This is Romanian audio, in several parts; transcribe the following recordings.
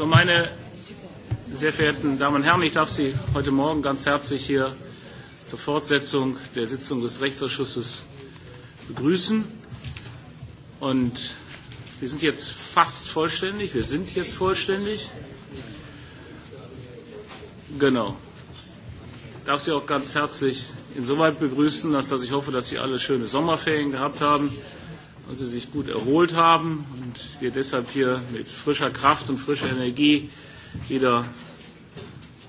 So, meine sehr verehrten Damen und Herren, ich darf Sie heute Morgen ganz herzlich hier zur Fortsetzung der Sitzung des Rechtsausschusses begrüßen. Und wir sind jetzt fast vollständig. Wir sind jetzt vollständig. Genau. Ich darf Sie auch ganz herzlich insoweit begrüßen, als dass ich hoffe, dass Sie alle schöne Sommerferien gehabt haben und Sie sich gut erholt haben und wir deshalb hier mit frischer Kraft und frischer Energie wieder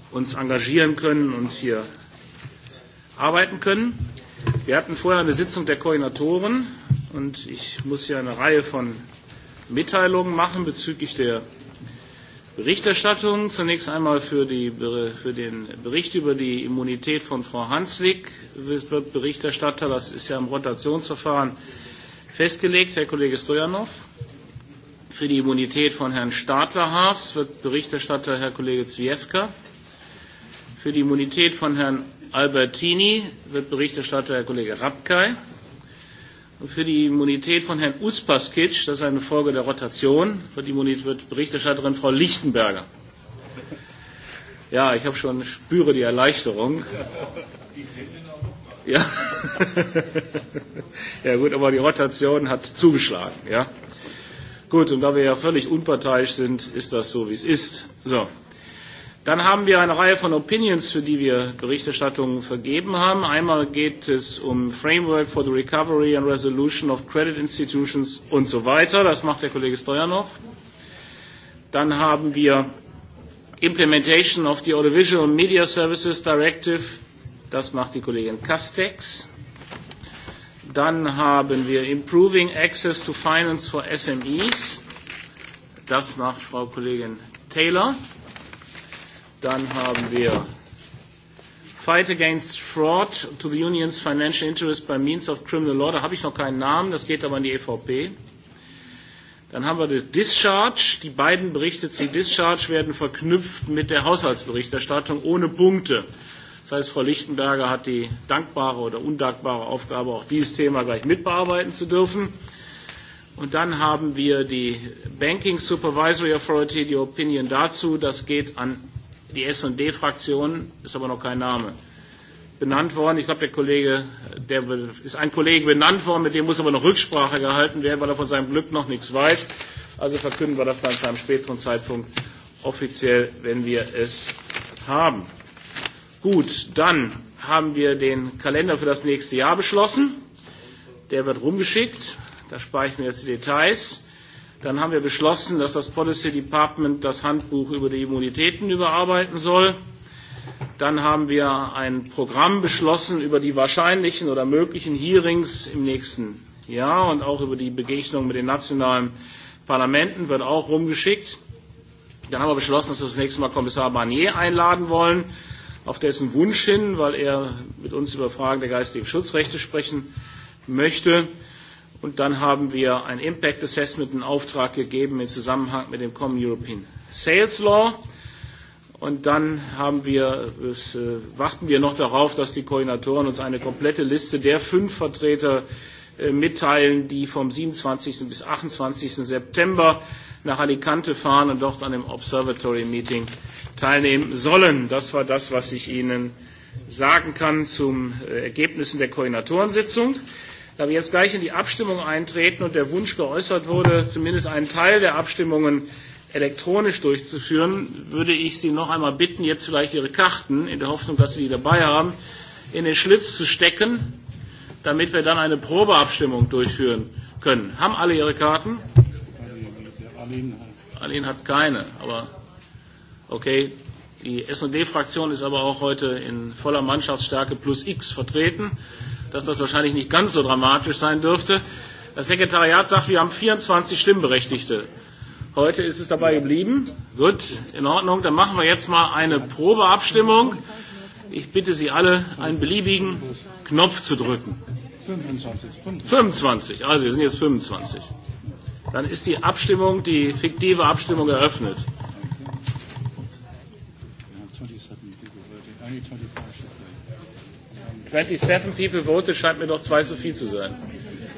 uns engagieren können und hier arbeiten können. Wir hatten vorher eine Sitzung der Koordinatoren und ich muss hier eine Reihe von Mitteilungen machen bezüglich der Berichterstattung. Zunächst einmal für, die, für den Bericht über die Immunität von Frau Hanslik wird Berichterstatter. Das ist ja im Rotationsverfahren festgelegt. Herr Kollege Stojanov. Für die Immunität von Herrn Stadler-Haas wird Berichterstatter Herr Kollege Zwiefka. Für die Immunität von Herrn Albertini wird Berichterstatter Herr Kollege Rapkay. Und für die Immunität von Herrn Uspaskic, das ist eine Folge der Rotation, wird, die Immunität, wird Berichterstatterin Frau Lichtenberger. Ja, ich habe schon, spüre die Erleichterung. Ja. ja gut, aber die Rotation hat zugeschlagen, ja. Gut, und da wir ja völlig unparteiisch sind, ist das so, wie es ist. So. Dann haben wir eine Reihe von Opinions, für die wir Berichterstattungen vergeben haben. Einmal geht es um Framework for the Recovery and Resolution of Credit Institutions und so weiter. Das macht der Kollege Stojanov. Dann haben wir Implementation of the Audiovisual Media Services Directive Das macht die Kollegin Castex. Dann haben wir Improving Access to Finance for SMEs. Das macht Frau Kollegin Taylor. Dann haben wir Fight Against Fraud to the Union's Financial Interest by Means of Criminal Law. Da habe ich noch keinen Namen, das geht aber an die EVP. Dann haben wir die Discharge. Die beiden Berichte zu Discharge werden verknüpft mit der Haushaltsberichterstattung ohne Punkte. Das heißt, Frau Lichtenberger hat die dankbare oder undankbare Aufgabe, auch dieses Thema gleich mitbearbeiten zu dürfen. Und dann haben wir die Banking Supervisory Authority, die Opinion dazu. Das geht an die S&D-Fraktion, ist aber noch kein Name benannt worden. Ich glaube, der Kollege, der ist ein Kollege benannt worden, mit dem muss aber noch Rücksprache gehalten werden, weil er von seinem Glück noch nichts weiß. Also verkünden wir das dann zu einem späteren Zeitpunkt offiziell, wenn wir es haben. Gut, dann haben wir den Kalender für das nächste Jahr beschlossen. Der wird rumgeschickt. Da spare ich mir jetzt die Details. Dann haben wir beschlossen, dass das Policy Department das Handbuch über die Immunitäten überarbeiten soll. Dann haben wir ein Programm beschlossen über die wahrscheinlichen oder möglichen Hearings im nächsten Jahr und auch über die Begegnung mit den nationalen Parlamenten wird auch rumgeschickt. Dann haben wir beschlossen, dass wir das nächste Mal Kommissar Barnier einladen wollen auf dessen Wunsch hin, weil er mit uns über Fragen der geistigen Schutzrechte sprechen möchte. Und dann haben wir ein Impact Assessment in Auftrag gegeben im Zusammenhang mit dem Common European Sales Law. Und dann haben wir, es, äh, warten wir noch darauf, dass die Koordinatoren uns eine komplette Liste der fünf Vertreter äh, Äh, mitteilen, die vom 27. bis 28. September nach Alicante fahren und dort an dem Observatory Meeting teilnehmen sollen. Das war das, was ich Ihnen sagen kann zum äh, Ergebnissen der Koordinatorensitzung. Da wir jetzt gleich in die Abstimmung eintreten und der Wunsch geäußert wurde, zumindest einen Teil der Abstimmungen elektronisch durchzuführen, würde ich Sie noch einmal bitten, jetzt vielleicht Ihre Karten, in der Hoffnung, dass Sie die dabei haben, in den Schlitz zu stecken damit wir dann eine Probeabstimmung durchführen können. Haben alle ihre Karten? Aline hat keine, aber okay. Die SD-Fraktion ist aber auch heute in voller Mannschaftsstärke plus X vertreten, dass das wahrscheinlich nicht ganz so dramatisch sein dürfte. Das Sekretariat sagt, wir haben 24 Stimmberechtigte. Heute ist es dabei geblieben. Gut, in Ordnung. Dann machen wir jetzt mal eine Probeabstimmung ich bitte Sie alle, einen beliebigen Knopf zu drücken. 25. also wir sind jetzt 25. Dann ist die Abstimmung, die fiktive Abstimmung eröffnet. Twenty-seven people voted, scheint mir doch zwei zu viel zu sein.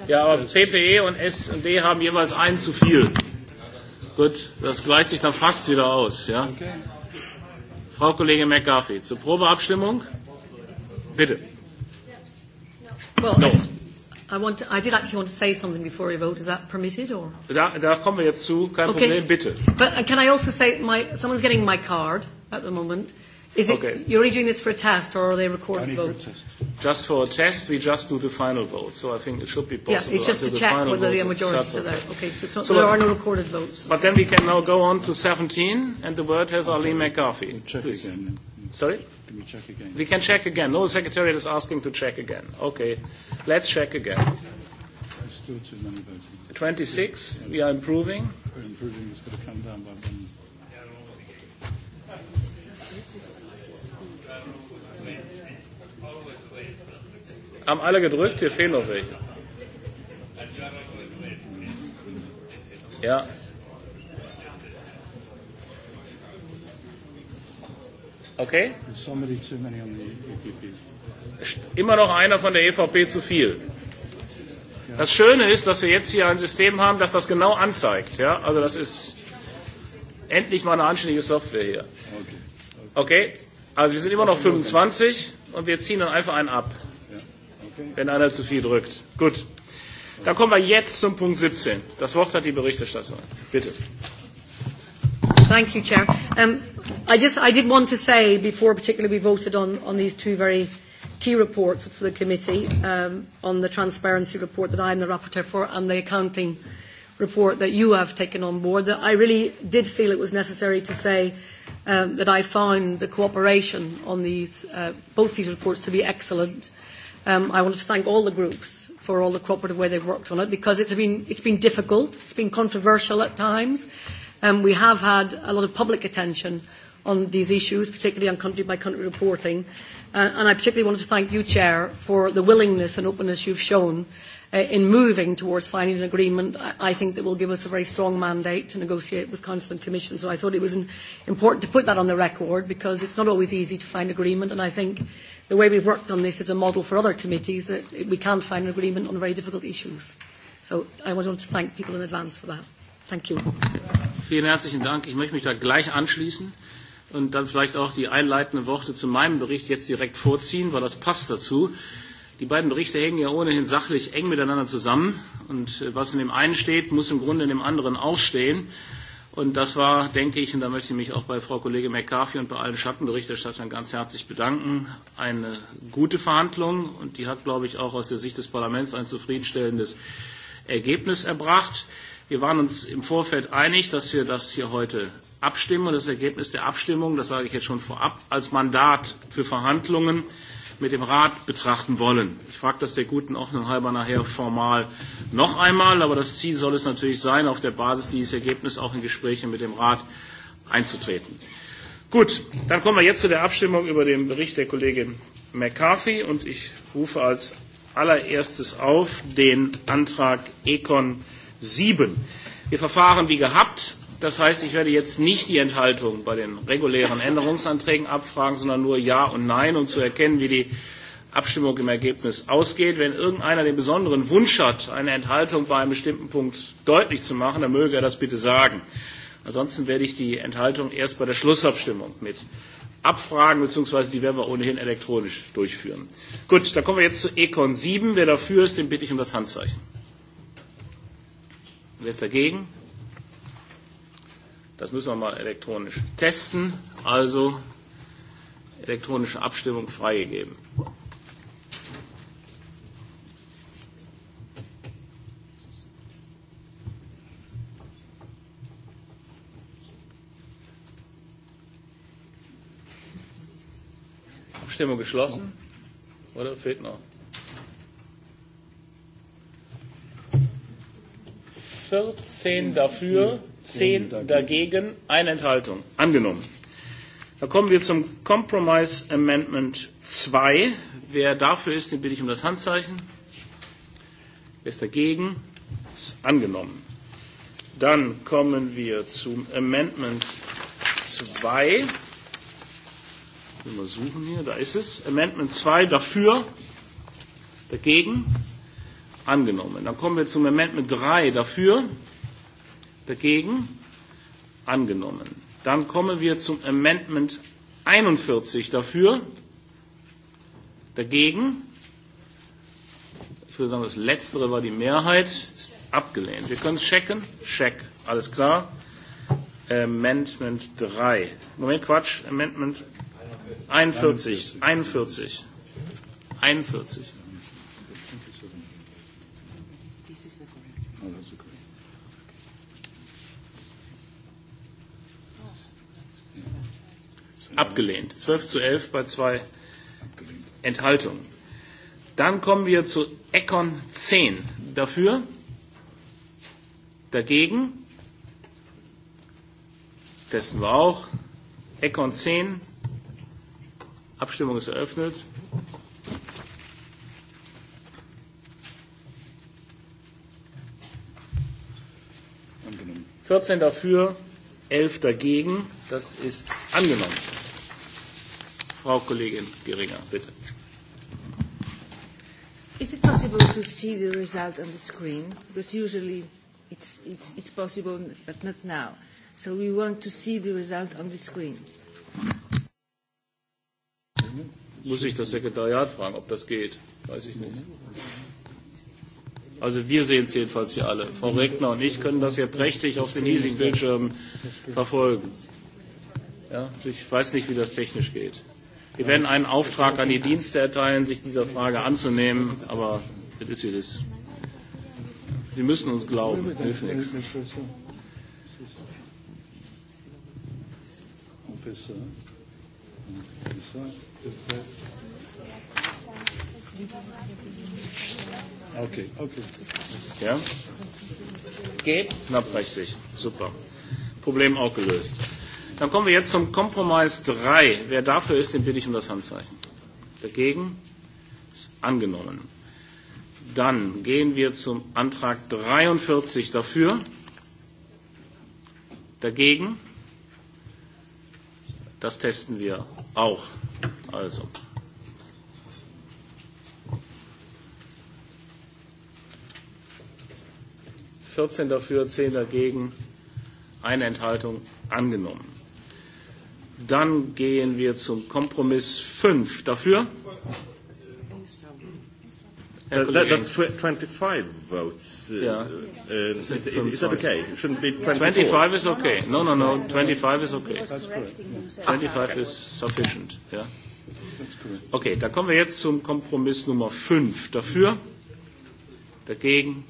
Ja, aber CPE und S und D haben jeweils einen zu viel. Gut, das gleicht sich dann fast wieder aus, ja. Okay. Frau Kollegin McCarthy, zur Probeabstimmung. Bitte. no. I, want to, I did actually want to say something before vote. Is that permitted or? Da, da kommen wir jetzt zu. Kein okay. Problem, bitte. But uh, can I also say my, someone's getting my card at the moment. Is it, okay. You're doing this for a test, or are they recorded Only votes? For just for a test, we just do the final vote. So I think it should be possible. Yeah, it's just to check the whether the majority are there. Okay, so, it's not, so there are no recorded votes. But then we can now go on to 17, and the word has Ali McCarthy. Check Please. again. Sorry? Can we check again? We can check again. No, the secretariat is asking to check again. Okay, let's check again. still too many 26, 26, we are improving. We're improving. It's going to come down by one. Haben alle gedrückt? Hier fehlen noch welche. Ja. Okay? Immer noch einer von der EVP zu viel. Das Schöne ist, dass wir jetzt hier ein System haben, das das genau anzeigt. Ja? Also das ist endlich mal eine anständige Software hier. Okay? Also wir sind immer noch 25 und wir ziehen dann einfach einen ab wenn einer zu viel drückt. Gut. Dann kommen wir jetzt zum Punkt 17. Das Wort hat die Berichterstatterin. Bitte. Thank you, Chair. Um, I just I did want to say before, particularly, we voted on on these two very key reports for the committee um, on the transparency report that I am the rapporteur for and the accounting report that you have taken on board. That I really did feel it was necessary to say um, that I found the cooperation on these uh, both these reports to be excellent. Uh, Um, I want to thank all the groups for all the cooperative way they've worked on it because it's been, it's been difficult, it's been controversial at times. Um, we have had a lot of public attention on these issues, particularly on country by country reporting. Uh, and I particularly wanted to thank you, Chair, for the willingness and openness you've shown uh, in moving towards finding an agreement. I, I think that will give us a very strong mandate to negotiate with Council and Commission. So I thought it was an, important to put that on the record because it's not always easy to find agreement. And I think the way we've worked on this as a model for other committees that we can find an agreement on very difficult issues. So I want to thank people in advance for that. Thank you. Vielen herzlichen Dank. Ich möchte mich da gleich anschließen und dann vielleicht auch die einleitenden Worte zu meinem Bericht jetzt direkt vorziehen, weil das passt dazu. Die beiden Berichte hängen ja ohnehin sachlich eng miteinander zusammen und äh, was in dem einen steht, muss im Grunde in dem anderen auch stehen. Und das war, denke ich, und da möchte ich mich auch bei Frau Kollegin McCarthy und bei allen Schattenberichterstattern ganz herzlich bedanken, eine gute Verhandlung. Und die hat, glaube ich, auch aus der Sicht des Parlaments ein zufriedenstellendes Ergebnis erbracht. Wir waren uns im Vorfeld einig, dass wir das hier heute abstimmen. Und das Ergebnis der Abstimmung, das sage ich jetzt schon vorab, als Mandat für Verhandlungen mit dem Rat betrachten wollen. Ich frage das der guten Ordnung halber nachher formal noch einmal, aber das Ziel soll es natürlich sein, auf der Basis dieses Ergebnisses auch in Gespräche mit dem Rat einzutreten. Gut, dann kommen wir jetzt zu der Abstimmung über den Bericht der Kollegin McCarthy und ich rufe als allererstes auf den Antrag Econ 7. Wir verfahren wie gehabt. Das heißt, ich werde jetzt nicht die Enthaltung bei den regulären Änderungsanträgen abfragen, sondern nur Ja und Nein, um zu erkennen, wie die Abstimmung im Ergebnis ausgeht. Wenn irgendeiner den besonderen Wunsch hat, eine Enthaltung bei einem bestimmten Punkt deutlich zu machen, dann möge er das bitte sagen. Ansonsten werde ich die Enthaltung erst bei der Schlussabstimmung mit abfragen, beziehungsweise die werden wir ohnehin elektronisch durchführen. Gut, dann kommen wir jetzt zu Econ 7. Wer dafür ist, den bitte ich um das Handzeichen. Wer ist dagegen? Das müssen wir mal elektronisch testen. Also elektronische Abstimmung freigegeben. Abstimmung geschlossen. Oder fehlt noch? 14 dafür. 10 dagegen, eine Enthaltung. Angenommen. Da kommen wir zum Compromise Amendment 2. Wer dafür ist, den bitte ich um das Handzeichen. Wer ist dagegen? Ist angenommen. Dann kommen wir zum Amendment 2. Wir suchen hier, da ist es. Amendment 2 dafür, dagegen, angenommen. Dann kommen wir zum Amendment 3 dafür, Dagegen? Angenommen. Dann kommen wir zum Amendment 41 dafür. Dagegen? Ich würde sagen, das Letztere war die Mehrheit. Ist abgelehnt. Wir können es checken. Check. Alles klar. Amendment 3. Moment, Quatsch. Amendment 41. 41. 41. 41. Ist abgelehnt. 12 zu 11 bei zwei Enthaltungen. Dann kommen wir zu Econ 10. Dafür? Dagegen? Testen wir auch. Econ 10. Abstimmung ist eröffnet. Angenommen. 14 dafür, 11 dagegen. Das ist angenommen. Frau Kollegin Geringer, bitte. Is it possible to see the result on the screen? Because usually it's, it's, it's possible, but not now. So we want to see the result on the screen. Muss ich das Sekretariat fragen, ob das geht? Weiß ich nicht. Also wir sehen es jedenfalls hier alle. Frau Regner und ich können das prächtig auf den hiesigen Bildschirmen verfolgen. Ja, ich weiß nicht, wie das technisch geht. Wir werden einen Auftrag an die Dienste erteilen, sich dieser Frage anzunehmen, aber es ist wie ist. Sie müssen uns glauben, hilft nichts. Okay, okay. Ja? Geht? Knapp 60. Super. Problem auch gelöst. Dann kommen wir jetzt zum Kompromiss 3. Wer dafür ist, den bitte ich um das Handzeichen. Dagegen ist angenommen. Dann gehen wir zum Antrag 43 dafür. Dagegen. Das testen wir auch. Also. Vierzehn dafür, zehn dagegen, eine Enthaltung angenommen. Dann gehen wir zum Kompromiss 5. Dafür? Uh, that, that's 25 votes. yeah. Uh, uh, is, is, is that okay? It shouldn't be 24. 25 is okay. No, no, no. 25 is okay. 25 is sufficient. Yeah. Okay, da kommen wir jetzt zum Kompromiss Nummer 5. Dafür? Dagegen?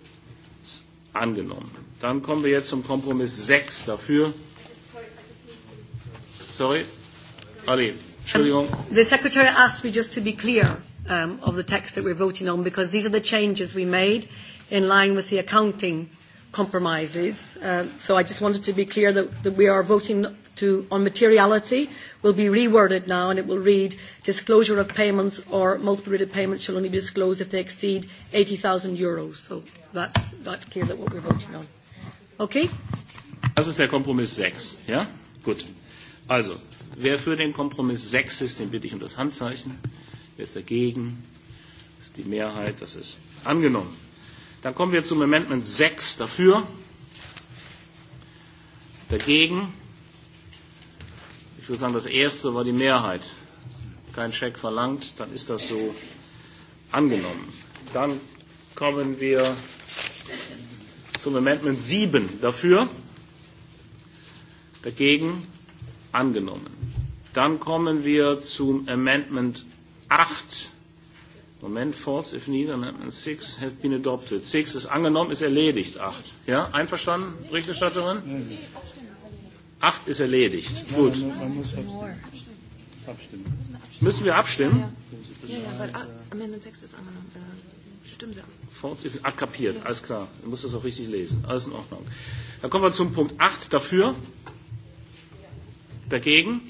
Angenommen. Dann kommen wir jetzt zum Kompromiss 6. Dafür? Sorry? Ali, Entschuldigung. Um, the Secretary asked me just to be clear um, of the text that we're voting on because these are the changes we made in line with the accounting compromises. Uh, so I just wanted to be clear that, that we are voting to, on materiality will be reworded now and it will read disclosure of payments or multiple rated payments shall only be disclosed if they exceed 80,000 euros. So that's, that's clear that what we're voting on. Okay? Das ist der Kompromiss 6, ja? Gut. Also, wer für den Kompromiss 6 ist, den bitte ich um das Handzeichen. Wer ist dagegen? Das ist die Mehrheit. Das ist angenommen. Dann kommen wir zum Amendment 6 dafür. Dagegen. Ich würde sagen, das erste war die Mehrheit. Kein Scheck verlangt, dann ist das so angenommen. Dann kommen wir zum Amendment 7 dafür. Dagegen angenommen. Dann kommen wir zum Amendment 8. Moment, false if needed, Amendment 6 have been adopted. 6 ist angenommen, ist erledigt. 8. Ja, einverstanden, Berichterstatterin? 8 ist erledigt. Gut. abstimmen. Müssen wir abstimmen? Ja, ja, weil Amendment 6 ist angenommen. Äh, stimmen Sie ab. False ah, kapiert, ja. alles klar. Ich muss das auch richtig lesen. Alles in Ordnung. Dann kommen wir zum Punkt 8. Dafür? Ja. Dagegen?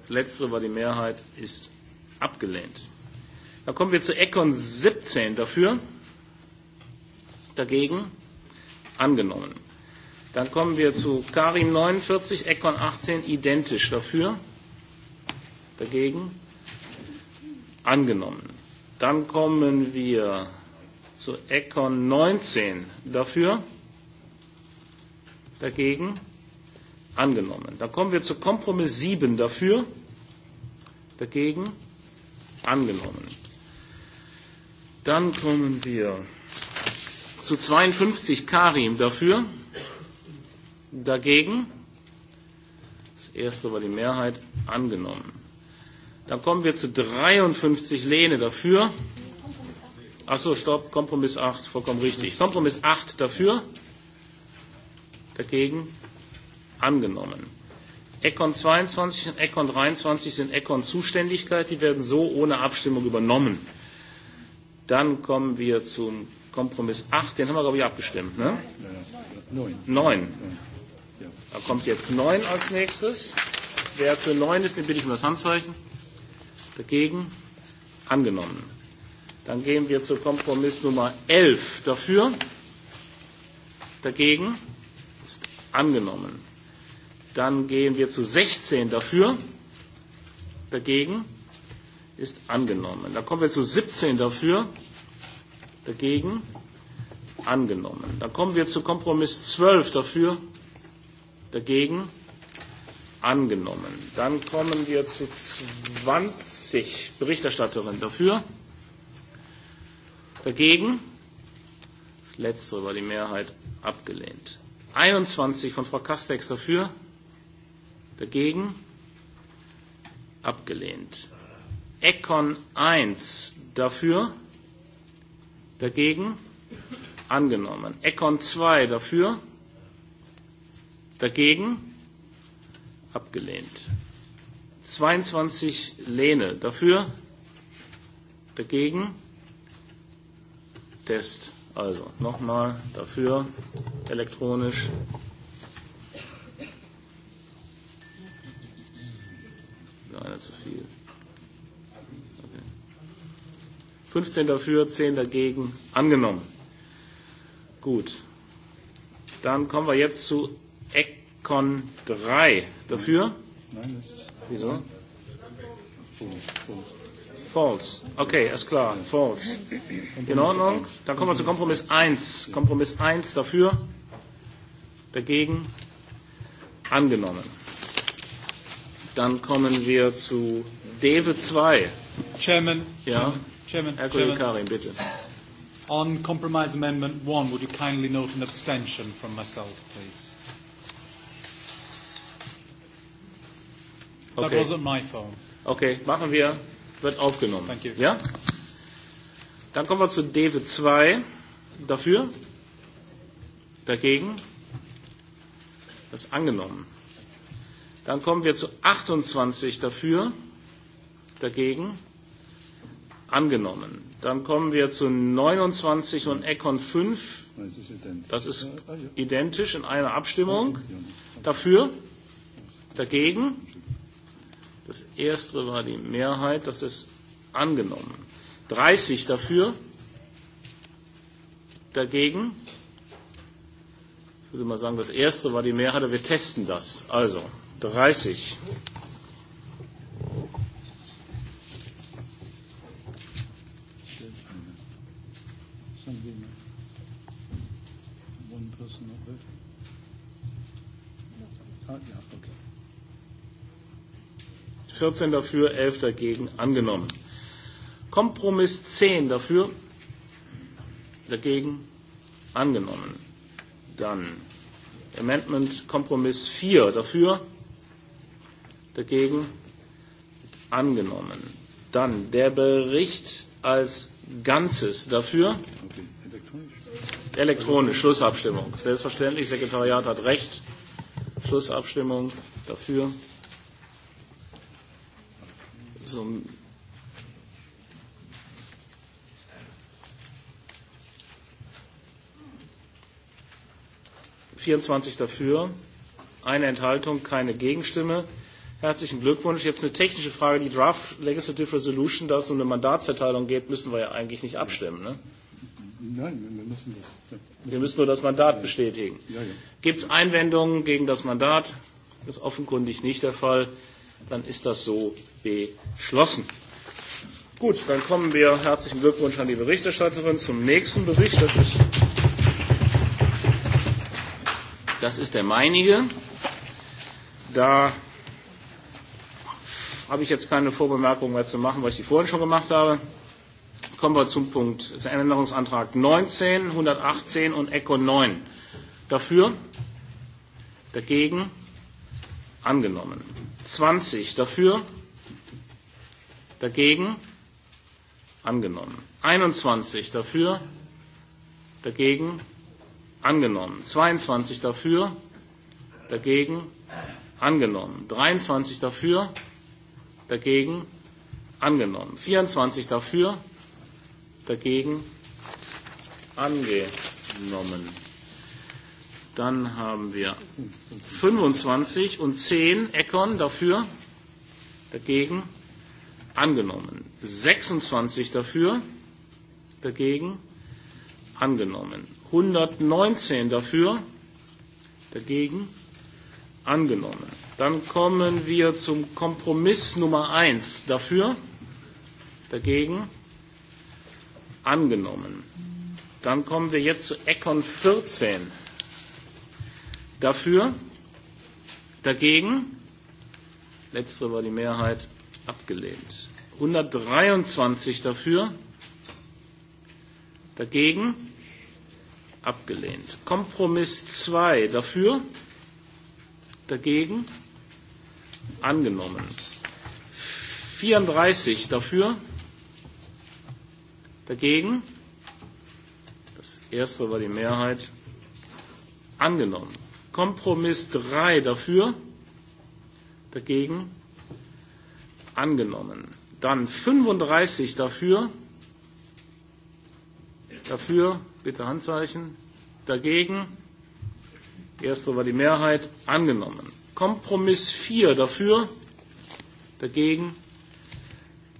Das letztere war die Mehrheit, ist abgelehnt. Da kommen wir zu Econ 17 dafür. Dagegen? Angenommen. Dann kommen wir zu Karim 49, Econ 18 identisch dafür. Dagegen? Angenommen. Dann kommen wir zu Econ 19 dafür. Dagegen? Angenommen angenommen. Dann kommen wir zu Kompromiss 7 dafür, dagegen angenommen. Dann kommen wir zu 52 Karim dafür, dagegen. Das erste war die Mehrheit angenommen. Dann kommen wir zu 53 Lehne dafür. Achso, stopp, Kompromiss 8, vollkommen richtig. Kompromiss 8 dafür, dagegen angenommen. Econ 22 und Econ 23 sind Econ Zuständigkeit, die werden so ohne Abstimmung übernommen. Dann kommen wir zum Kompromiss 8, den haben wir, glaube ich, abgestimmt, ne? Neun. Neun. Da kommt jetzt 9 als nächstes. Wer für 9 ist, den bitte ich um das Handzeichen. Dagegen? Angenommen. Dann gehen wir zu Kompromiss Nummer 11. Dafür? Dagegen? Ist angenommen. Dann gehen wir zu 16 dafür. Dagegen ist angenommen. Dann kommen wir zu 17 dafür. Dagegen angenommen. Dann kommen wir zu Kompromiss 12 dafür. Dagegen angenommen. Dann kommen wir zu 20 Berichterstatterin dafür. Dagegen. Das letzte war die Mehrheit abgelehnt. 21 von Frau Castex dafür. Dagegen? Abgelehnt. Econ 1 dafür? Dagegen? Angenommen. Econ 2 dafür? Dagegen? Abgelehnt. 22 Lehne dafür? Dagegen? Test. Also nochmal dafür elektronisch. einer zu viel. Okay. 15 dafür, 10 dagegen, angenommen. Gut. Dann kommen wir jetzt zu Econ 3. Dafür? Nein, das ist Wieso? False. Okay, ist klar. False. In Ordnung. Dann kommen wir zu Kompromiss 1. Kompromiss 1 dafür. Dagegen. Angenommen. Dann kommen wir zu DEWE 2. Chairman, ja? Chairman, Herr Kollege Karim, bitte. On compromise amendment 1, would you kindly note an abstention from myself, please? Okay. That wasn't my phone. Okay, machen wir. Wird aufgenommen. Thank you. Ja? Dann kommen wir zu DEWE 2. Dafür? Dagegen? Das ist angenommen. Dann kommen wir zu 28 dafür, dagegen, angenommen. Dann kommen wir zu 29 und Econ 5. Das ist ah, identisch in einer Abstimmung. Ah, dafür, dagegen. Das erste war die Mehrheit, das ist angenommen. 30 dafür, dagegen. Ich würde mal sagen, das erste war die Mehrheit, aber wir testen das. Also, 30. Vierzehn dafür, elf dagegen angenommen. Kompromiss zehn dafür, dagegen angenommen. Dann Amendment Kompromiss vier dafür, Dagegen? Angenommen. Dann der Bericht als Ganzes dafür. Elektronisch, Schlussabstimmung. Selbstverständlich, Sekretariat hat recht. Schlussabstimmung dafür. So. Vierundzwanzig dafür, eine Enthaltung, keine Gegenstimme. Herzlichen Glückwunsch. Jetzt eine technische Frage. Die Draft Legislative Resolution, da es um eine Mandatserteilung geht, müssen wir ja eigentlich nicht abstimmen. Ne? Nein, wir müssen das. Müssen wir müssen nur das Mandat ja, bestätigen. Ja, ja. Gibt es Einwendungen gegen das Mandat? Das ist offenkundig nicht der Fall. Dann ist das so beschlossen. Gut, dann kommen wir. Herzlichen Glückwunsch an die Berichterstatterin zum nächsten Bericht. Das ist, das ist der meinige. Da habe ich jetzt keine Vorbemerkungen mehr zu machen, weil ich die vorhin schon gemacht habe. Kommen wir zum Punkt, zum Änderungsantrag 19, 118 und ECO 9. Dafür, dagegen, angenommen. 20 dafür, dagegen, angenommen. 21 dafür, dagegen, angenommen. 22 dafür, dagegen, angenommen. 23 dafür, dagegen, dagegen angenommen. 24 dafür, dagegen angenommen. Dann haben wir 25 und 10 Eckern dafür, dagegen angenommen. 26 dafür, dagegen angenommen. 119 dafür, dagegen angenommen. Dann kommen wir zum Kompromiss Nummer 1. Dafür? Dagegen? Angenommen. Dann kommen wir jetzt zu Econ 14. Dafür? Dagegen? Letztere war die Mehrheit abgelehnt. 123 dafür? Dagegen? Abgelehnt. Kompromiss 2 dafür? Dagegen? Abgelehnt angenommen. 34 dafür, dagegen. Das erste war die Mehrheit angenommen. Kompromiss 3 dafür, dagegen angenommen. Dann 35 dafür, dafür, bitte Handzeichen, dagegen. Erste war die Mehrheit angenommen. Kompromiss 4 dafür, dagegen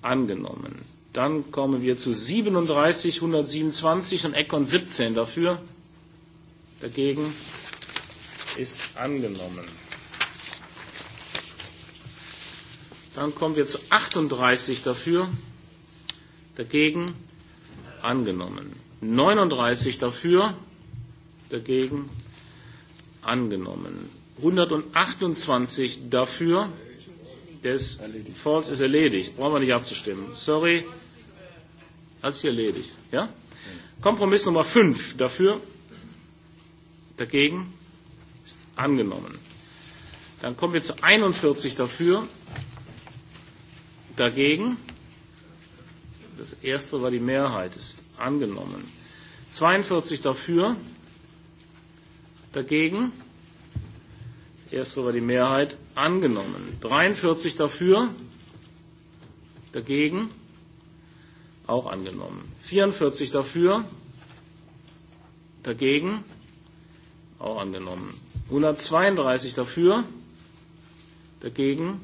angenommen. Dann kommen wir zu 37, 127 und Econ 17 dafür, dagegen ist angenommen. Dann kommen wir zu 38 dafür, dagegen angenommen. 39 dafür, dagegen angenommen. 128 dafür. Des ist erledigt. false ist erledigt. Brauchen wir nicht abzustimmen. Sorry. Hat sich erledigt. Ja? Kompromiss Nummer 5 dafür. Dagegen ist angenommen. Dann kommen wir zu 41 dafür. Dagegen. Das erste war die Mehrheit, ist angenommen. 42 dafür. Dagegen erst war die Mehrheit angenommen. 43 dafür, dagegen auch angenommen. 44 dafür, dagegen auch angenommen. 132 dafür, dagegen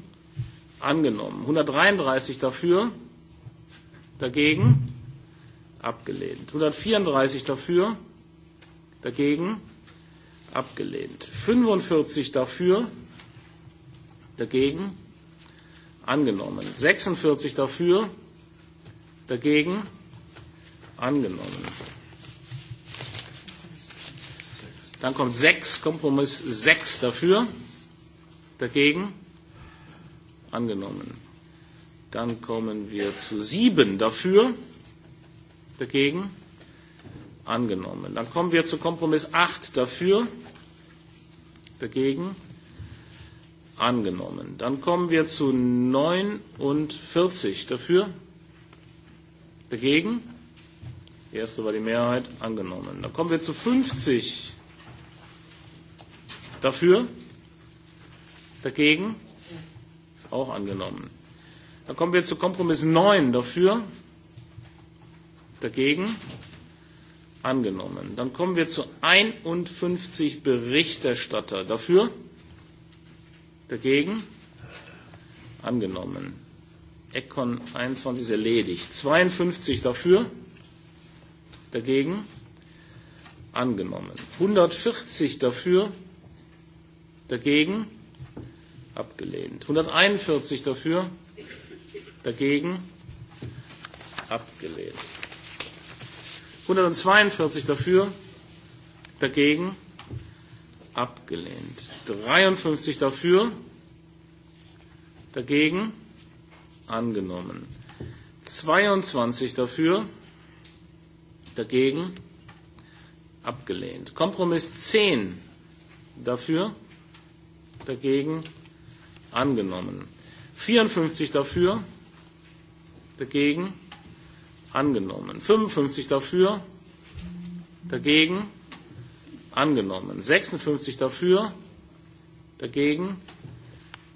angenommen. 133 dafür, dagegen abgelehnt. 134 dafür, dagegen abgelehnt abgelehnt. 45 dafür, dagegen, angenommen. 46 dafür, dagegen, angenommen. Dann kommt 6, Kompromiss 6 dafür, dagegen, angenommen. Dann kommen wir zu 7 dafür, dagegen, angenommen. Dann kommen wir zu Kompromiss 8 dafür, dagegen, Dagegen? Angenommen. Dann kommen wir zu 49 dafür. Dagegen? Die erste war die Mehrheit angenommen. Dann kommen wir zu 50 dafür. Dagegen? Ist auch angenommen. Dann kommen wir zu Kompromiss 9 dafür. Dagegen? Angenommen. Dann kommen wir zu 51 Berichterstatter. Dafür? Dagegen? Angenommen. Econ 21 ist erledigt. 52 dafür? Dagegen? Angenommen. 140 dafür? Dagegen? Abgelehnt. 141 dafür? Dagegen? Abgelehnt. 142 dafür, dagegen, abgelehnt. 53 dafür, dagegen, angenommen. 22 dafür, dagegen, abgelehnt. Kompromiss 10 dafür, dagegen, angenommen. 54 dafür, dagegen, angenommen. 55 dafür, dagegen, angenommen. 56 dafür, dagegen,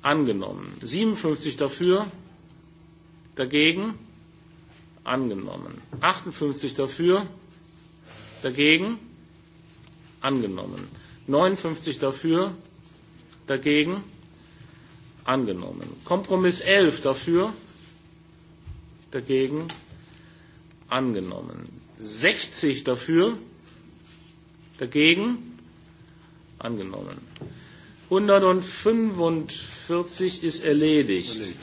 angenommen. 57 dafür, dagegen, angenommen. 58 dafür, dagegen, angenommen. 59 dafür, dagegen, angenommen. Kompromiss 11 dafür, dagegen, angenommen angenommen. 60 dafür, dagegen angenommen. 145 ist erledigt.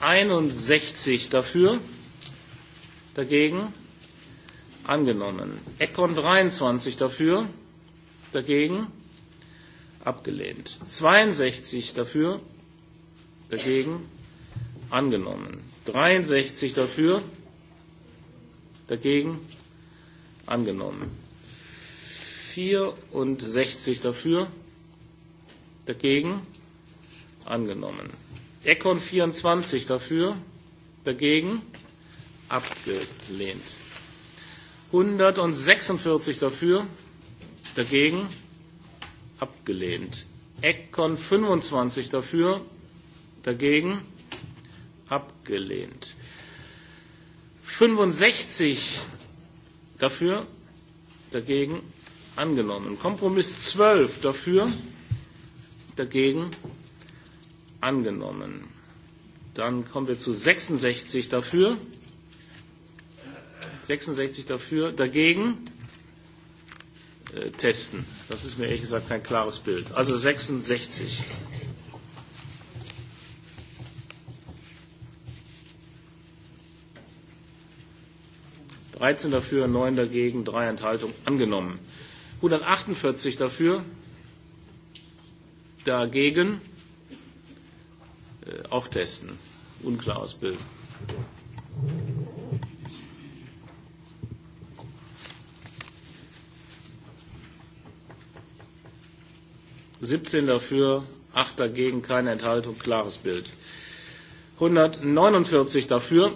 61 dafür, dagegen angenommen. Econ 23 dafür, dagegen abgelehnt. 62 dafür, dagegen angenommen. 63 dafür, dagegen dagegen angenommen. 64 dafür, dagegen angenommen. Econ 24 dafür, dagegen abgelehnt. 146 dafür, dagegen abgelehnt. Econ 25 dafür, dagegen abgelehnt. 65 dafür, dagegen angenommen. Kompromiss 12 dafür, dagegen angenommen. Dann kommen wir zu 66 dafür. 66 dafür, dagegen äh, testen. Das ist mir ehrlich gesagt kein klares Bild. Also 66. 13 dafür, 9 dagegen, 3 Enthaltungen angenommen. 148 dafür, dagegen äh, auch testen. Unklares Bild. Siebzehn dafür, acht dagegen, keine Enthaltung, klares Bild. 149 dafür,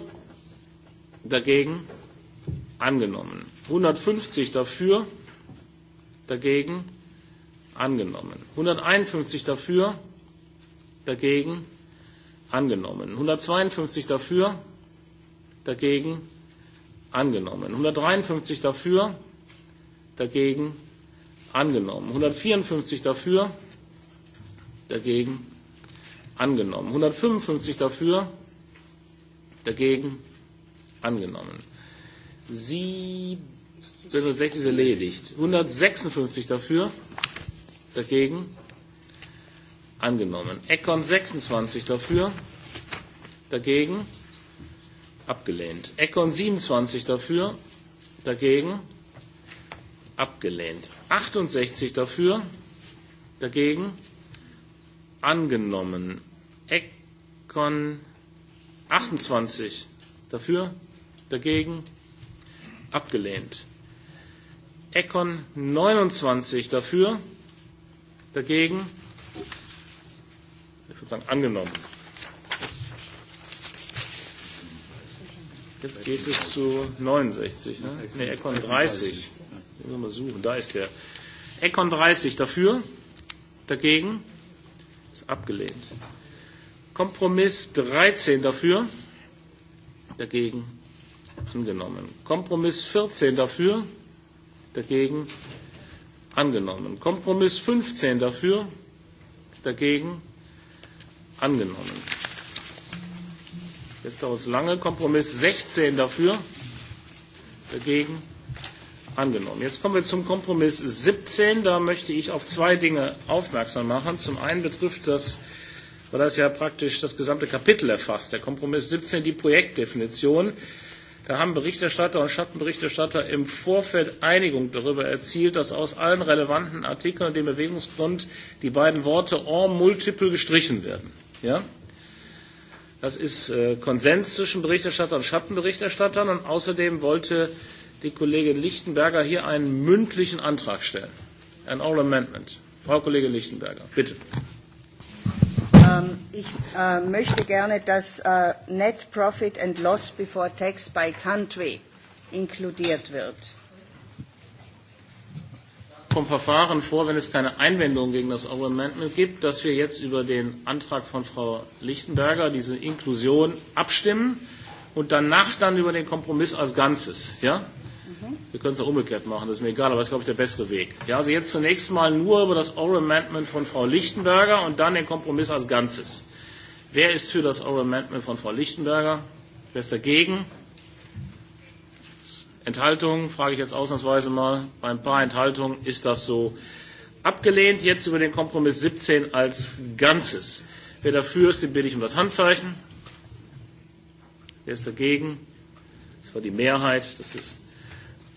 dagegen angenommen. 150 dafür, dagegen, angenommen. 151 dafür, dagegen, angenommen. 152 dafür, dagegen, angenommen. 153 dafür, dagegen, angenommen. 154 dafür, dagegen, angenommen. 155 dafür, dagegen, angenommen. 760 ist erledigt. 156 dafür, dagegen angenommen. Econ 26 dafür, dagegen abgelehnt. Econ 27 dafür, dagegen abgelehnt. 68 dafür, dagegen angenommen. Econ 28 dafür, dagegen abgelehnt abgelehnt. Econ 29 dafür, dagegen, ich würde sagen, angenommen. Jetzt geht es zu 69, ne? Nee, Econ 30. Den wir mal suchen, da ist der. Econ 30 dafür, dagegen, ist abgelehnt. Kompromiss 13 dafür, dagegen angenommen. Kompromiss 14 dafür, dagegen angenommen. Kompromiss 15 dafür, dagegen angenommen. Jetzt daraus lange Kompromiss 16 dafür, dagegen angenommen. Jetzt kommen wir zum Kompromiss 17. Da möchte ich auf zwei Dinge aufmerksam machen. Zum einen betrifft das, weil das ja praktisch das gesamte Kapitel erfasst, der Kompromiss 17 die Projektdefinition. Da haben Berichterstatter und Schattenberichterstatter im Vorfeld Einigung darüber erzielt, dass aus allen relevanten Artikeln und dem Bewegungsgrund die beiden Worte en multiple gestrichen werden. Ja? Das ist äh, Konsens zwischen Berichterstatter und Schattenberichterstattern und außerdem wollte die Kollegin Lichtenberger hier einen mündlichen Antrag stellen. Ein Oral Amendment. Frau Kollegin Lichtenberger, bitte. Um, ich uh, möchte gerne, dass uh, Net Profit and Loss Before Tax by Country inkludiert wird. Vom Verfahren vor, wenn es keine Einwendung gegen das Amendment gibt, dass wir jetzt über den Antrag von Frau Lichtenberger, diese Inklusion, abstimmen und danach dann über den Kompromiss als Ganzes. Ja? Wir können es auch umgekehrt machen, das ist mir egal, aber das ist, glaube ich, der bessere Weg. Ja, also jetzt zunächst mal nur über das Oral Amendment von Frau Lichtenberger und dann den Kompromiss als Ganzes. Wer ist für das Oral Amendment von Frau Lichtenberger? Wer ist dagegen? Enthaltungen, frage ich jetzt ausnahmsweise mal. Bei ein paar Enthaltungen ist das so abgelehnt. Jetzt über den Kompromiss 17 als Ganzes. Wer dafür ist, den bitte ich um das Handzeichen. Wer ist dagegen? Das war die Mehrheit. Das ist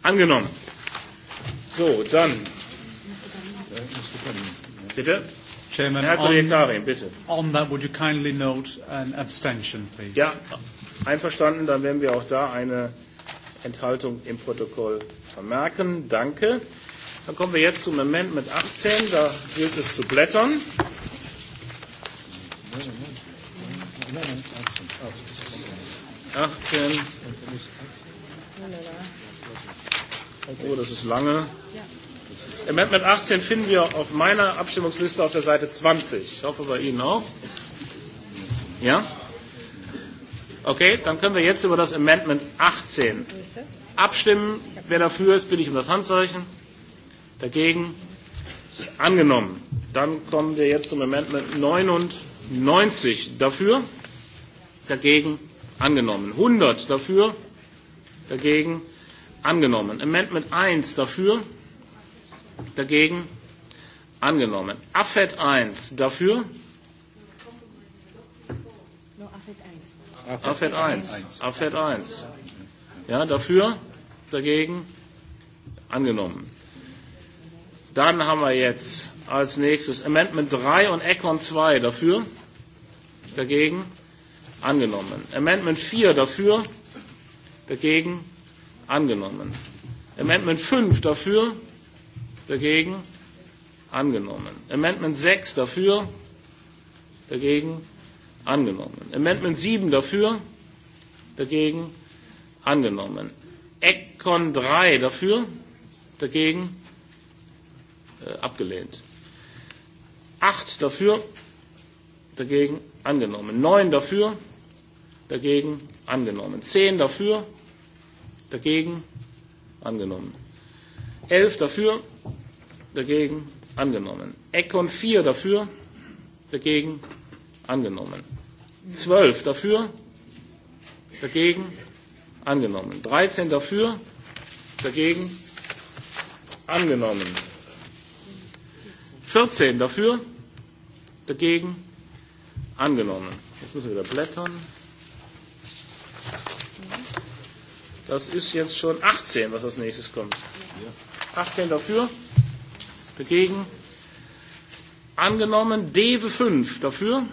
Angenommen. So, dann. Bitte? Chairman, Herr Kollege Karin, bitte. On that, would you kindly note an abstention, please? Ja, einverstanden. Dann werden wir auch da eine Enthaltung im Protokoll vermerken. Danke. Dann kommen wir jetzt zum Amendment 18. Da gilt es zu blättern. Achtzehn. Oh, das ist lange. Ja. Amendment 18 finden wir auf meiner Abstimmungsliste auf der Seite 20. Ich hoffe bei Ihnen auch. Ja? Okay, dann können wir jetzt über das Amendment 18 abstimmen. Wer dafür ist, bitte ich um das Handzeichen. Dagegen ist angenommen. Dann kommen wir jetzt zum Amendment 99. Dafür? Dagegen angenommen. 100 dafür? Dagegen angenommen angenommen. Amendment 1 dafür, dagegen angenommen. AFET 1 dafür. AFET 1. AFET 1. Ja, dafür, dagegen angenommen. Dann haben wir jetzt als nächstes Amendment 3 und Econ 2 dafür, dagegen angenommen. Amendment 4 dafür, dagegen angenommen angenommen. Amendment 5 dafür, dagegen, angenommen. Amendment 6 dafür, dagegen, angenommen. Amendment 7 dafür, dagegen, angenommen. Econ 3 dafür, dagegen, äh, abgelehnt. 8 dafür, dagegen, angenommen. 9 dafür, dagegen, angenommen. 10 dafür, dagegen, angenommen. 11 dafür, dagegen, angenommen. Econ 4 dafür, dagegen, angenommen. 12 dafür, dagegen, angenommen. 13 dafür, dagegen, angenommen. 14 dafür, dagegen, angenommen. Jetzt müssen wir wieder blättern. Das ist jetzt schon 18, was als nächstes kommt. 18 dafür, dagegen. Angenommen, Dewe 5 dafür,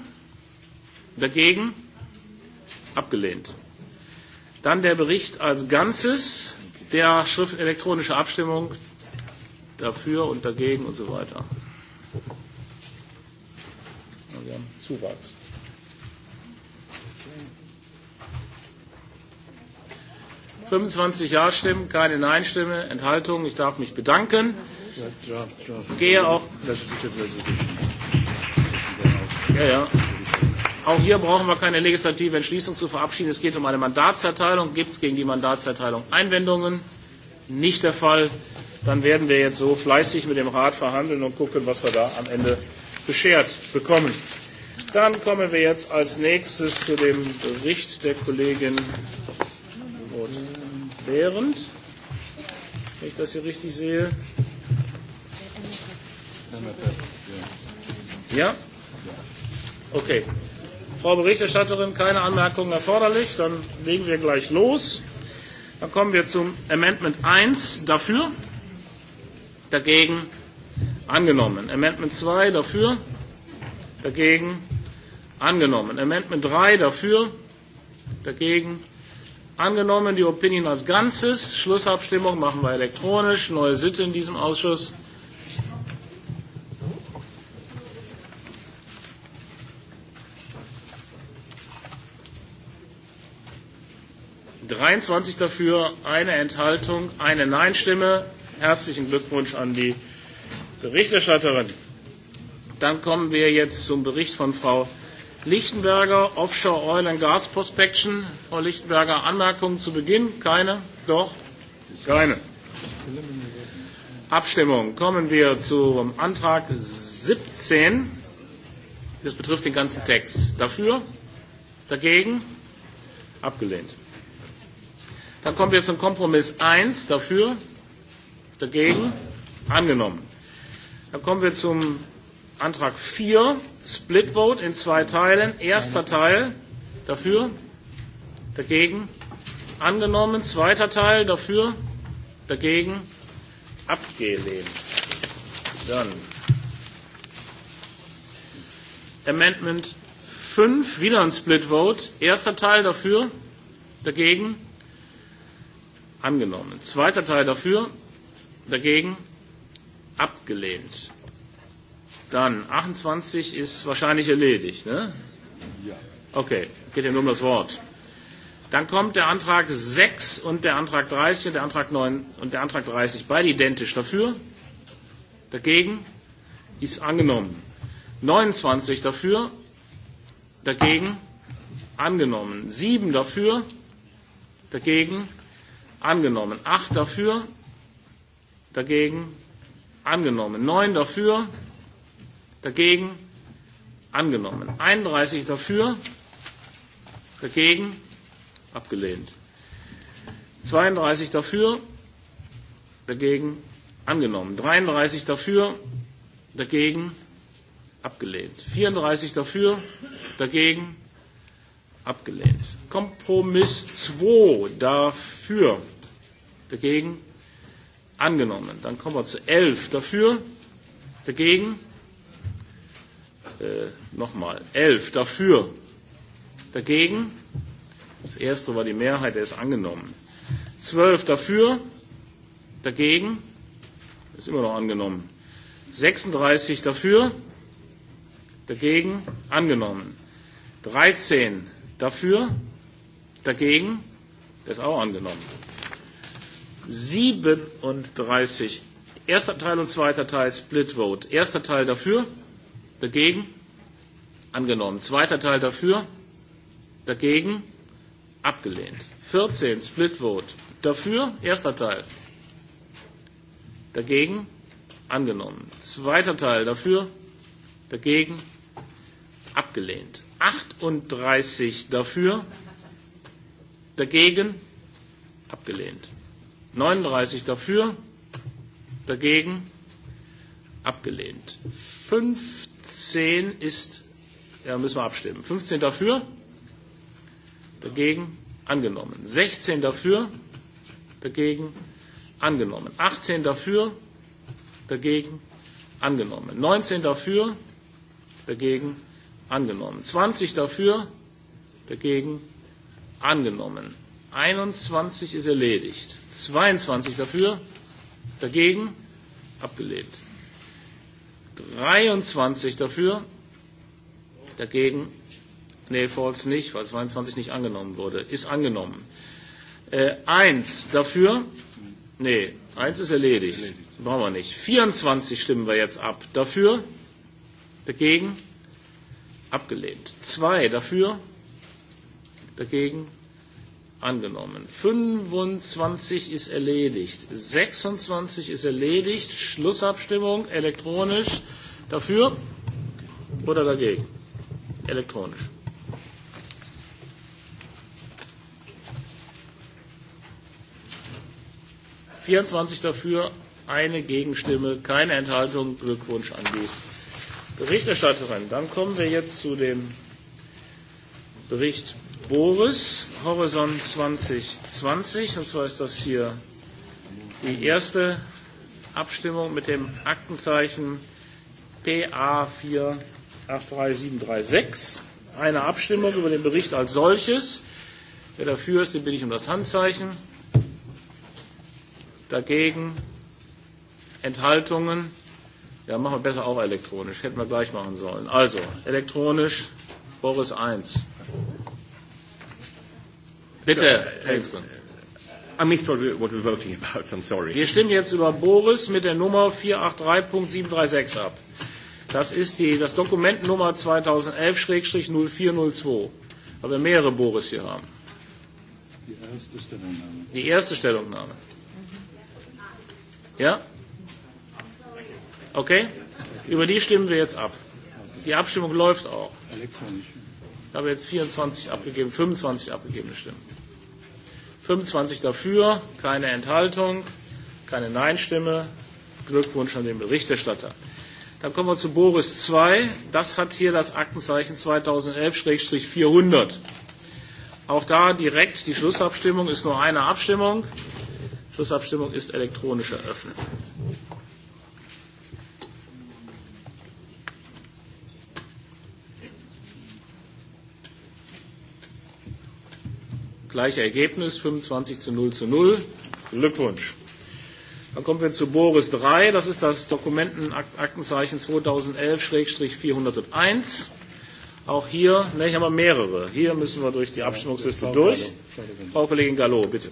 dagegen, abgelehnt. Dann der Bericht als Ganzes, der Schrift elektronische Abstimmung dafür und dagegen und so weiter. Wir haben Zuwachs. 25 Ja-Stimmen, keine Nein-Stimme, Enthaltungen. Ich darf mich bedanken. Gehe auch. Ja, ja. Auch hier brauchen wir keine legislative Entschließung zu verabschieden. Es geht um eine Mandatserteilung. Gibt es gegen die Mandatserteilung Einwendungen? Nicht der Fall. Dann werden wir jetzt so fleißig mit dem Rat verhandeln und gucken, was wir da am Ende beschert bekommen. Dann kommen wir jetzt als nächstes zu dem Bericht der Kollegin Behrendt, wenn ich das hier richtig sehe. Ja? Okay. Frau Berichterstatterin, keine Anmerkungen erforderlich. Dann legen wir gleich los. Dann kommen wir zum Amendment 1. Dafür? Dagegen? Angenommen. Amendment 2. Dafür? Dagegen? Angenommen. Amendment 3. Dafür? Dagegen? Angenommen. Angenommen die Opinion als Ganzes. Schlussabstimmung machen wir elektronisch. Neue Sitte in diesem Ausschuss. Dreiundzwanzig dafür, eine Enthaltung, eine Nein-Stimme. Herzlichen Glückwunsch an die Berichterstatterin. Dann kommen wir jetzt zum Bericht von Frau Lichtenberger Offshore Oil and Gas Prospection. Frau Lichtenberger, Anmerkungen zu Beginn? Keine? Doch? Keine. Abstimmung. Kommen wir zum Antrag 17. Das betrifft den ganzen Text. Dafür? Dagegen? Abgelehnt. Dann kommen wir zum Kompromiss 1. Dafür? Dagegen? Angenommen. Dann kommen wir zum Antrag 4, Split Vote in zwei Teilen. Erster Teil dafür, dagegen, angenommen. Zweiter Teil dafür, dagegen, abgelehnt. Dann Amendment 5, wieder ein Split Vote. Erster Teil dafür, dagegen, angenommen. Zweiter Teil dafür, dagegen, abgelehnt. Dann 28 ist wahrscheinlich erledigt, ne? Ja. Okay, geht ja nur um das Wort. Dann kommt der Antrag 6 und der Antrag 30 und der Antrag 9 und der Antrag 30. Beide identisch. Dafür? Dagegen? Ist angenommen. 29 dafür? Dagegen? Angenommen. 7 dafür? Dagegen? Angenommen. 8 dafür? Dagegen? Angenommen. 9 dafür? Dagegen? dagegen angenommen. 31 dafür, dagegen abgelehnt. 32 dafür, dagegen angenommen. 33 dafür, dagegen abgelehnt. 34 dafür, dagegen abgelehnt. Kompromiss 2 dafür, dagegen angenommen. Dann kommen wir zu 11 dafür, dagegen abgelehnt äh, nochmal. Elf dafür, dagegen. Das erste war die Mehrheit, der ist angenommen. Zwölf dafür, dagegen. Ist immer noch angenommen. 36 dafür, dagegen, angenommen. 13 dafür, dagegen, ist auch angenommen. 37, erster Teil und zweiter Teil, Split Vote. Erster Teil dafür, Dagegen? Angenommen. Zweiter Teil dafür? Dagegen? Abgelehnt. 14. Split Vote. Dafür? Erster Teil. Dagegen? Angenommen. Zweiter Teil dafür? Dagegen? Abgelehnt. 38 dafür? Dagegen? Abgelehnt. 39 dafür? Dagegen? Abgelehnt. 50 15 ist, ja, müssen wir abstimmen. 15 dafür, dagegen angenommen. 16 dafür, dagegen angenommen. 18 dafür, dagegen angenommen. 19 dafür, dagegen angenommen. 20 dafür, dagegen angenommen. 21 ist erledigt. 22 dafür, dagegen abgelehnt. 23 dafür, dagegen, nee, falls nicht, weil 22 nicht angenommen wurde, ist angenommen. Äh, 1 dafür, nee, 1 ist erledigt. erledigt. Brauchen wir nicht. 24 stimmen wir jetzt ab. Dafür, dagegen, abgelehnt. 2 dafür, dagegen, angenommen. 25 ist erledigt. 26 ist erledigt. Schlussabstimmung elektronisch. Dafür oder dagegen? Elektronisch. Vierundzwanzig dafür, eine Gegenstimme, keine Enthaltung. Glückwunsch an die Berichterstatterin. Dann kommen wir jetzt zu dem Bericht Boris, Horizont 2020. Und zwar ist das hier die erste Abstimmung mit dem Aktenzeichen PA483736. Eine Abstimmung über den Bericht als solches. Wer dafür ist, den bitte ich um das Handzeichen. Dagegen Enthaltungen. Ja, machen wir besser auch elektronisch. Hätten wir gleich machen sollen. Also, elektronisch, Boris 1. Bitte, Eriksson. I what we're voting about, I'm sorry. Wir stimmen jetzt über Boris mit der Nummer 483.736 ab. Das ist die, das Dokument Nummer 2011-0402, weil wir mehrere Boris hier haben. Die erste Stellungnahme. Die erste Stellungnahme. Ja? Okay? Über die stimmen wir jetzt ab. Die Abstimmung läuft auch. Elektronisch. Da haben wir jetzt 24 abgegeben, 25 abgegebene Stimmen. 25 dafür, keine Enthaltung, keine Nein-Stimme. Glückwunsch an den Berichterstatter. Dann kommen wir zu Boris 2. Das hat hier das Aktenzeichen 2011-400. Auch da direkt die Schlussabstimmung ist nur eine Abstimmung. Schlussabstimmung ist elektronisch eröffnet. Gleiche Ergebnis, 25 zu 0 zu 0. Glückwunsch. Dann kommen wir zu Boris 3. Das ist das Dokumentenaktenzeichen 2011-401. Auch hier, ne, haben wir mehrere. Hier müssen wir durch die Abstimmungsliste durch. Frau Kollegin Gallo, bitte.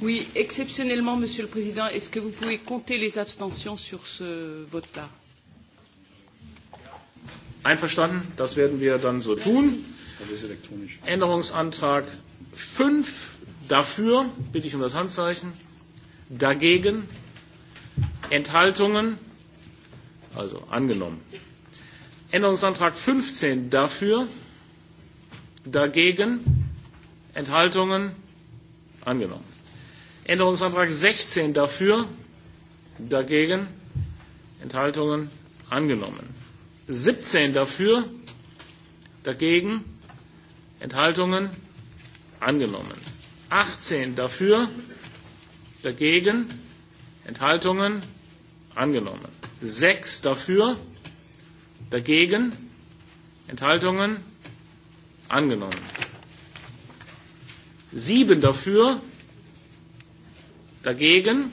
Oui, exceptionnellement, Monsieur le Président, est-ce que vous pouvez compter les abstentions sur ce vote-là Einverstanden, das werden wir dann so tun. Änderungsantrag Fünf dafür, bitte ich um das Handzeichen, dagegen, Enthaltungen, also angenommen. Änderungsantrag 15 dafür, dagegen, Enthaltungen, angenommen. Änderungsantrag 16 dafür, dagegen, Enthaltungen, angenommen. 17 dafür, dagegen, Enthaltungen, angenommen angenommen. 18 dafür, dagegen, Enthaltungen angenommen. 6 dafür, dagegen, Enthaltungen angenommen. 7 dafür, dagegen,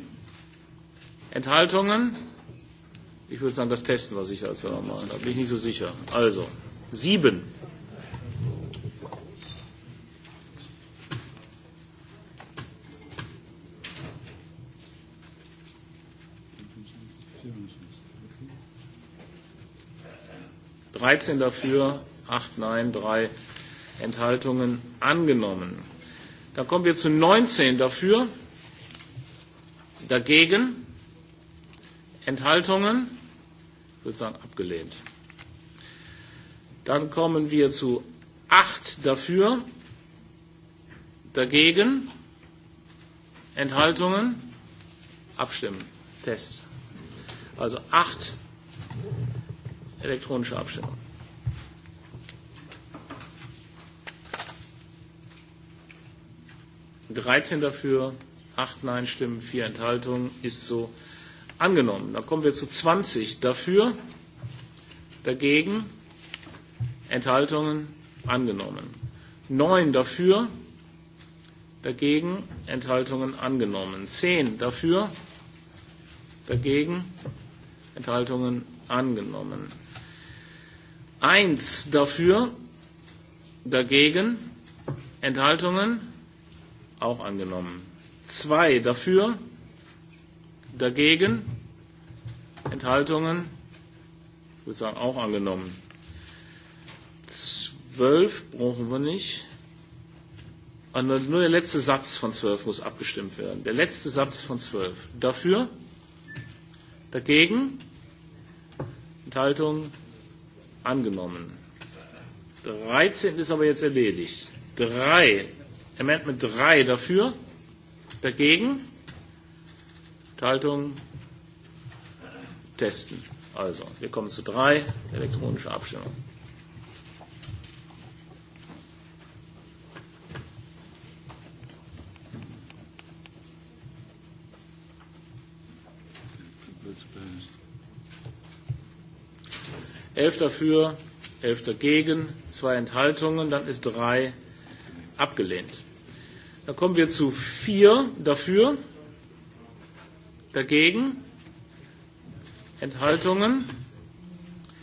Enthaltungen. Ich würde sagen, das testen wir sicher als wir Da bin ich nicht so sicher. Also, 7. 13 dafür, 8 Nein, 3 Enthaltungen angenommen. Dann kommen wir zu 19 dafür, dagegen, Enthaltungen, ich würde sagen abgelehnt. Dann kommen wir zu 8 dafür, dagegen, Enthaltungen, abstimmen, Test. Also 8 Elektronische Abstimmung. Dreizehn dafür, acht Nein-Stimmen, vier Enthaltungen ist so angenommen. Dann kommen wir zu 20 dafür, dagegen, Enthaltungen angenommen. 9 dafür, dagegen, Enthaltungen angenommen. 10 dafür, dagegen, Enthaltungen angenommen. 1 dafür, dagegen, Enthaltungen, auch angenommen. 2 dafür, dagegen, Enthaltungen, ich würde sagen, auch angenommen. 12 brauchen wir nicht. Ah, nur der letzte Satz von 12 muss abgestimmt werden. Der letzte Satz von 12. Dafür, dagegen, Enthaltung, angenommen. 13 ist aber jetzt erledigt. 3, Amendment 3 dafür, dagegen, Enthaltung, testen. Also, wir kommen zu 3, elektronische Abstimmung. 11 dafür, 11 dagegen, zwei Enthaltungen, dann ist 3 abgelehnt. Dann kommen wir zu 4 dafür, dagegen, Enthaltungen.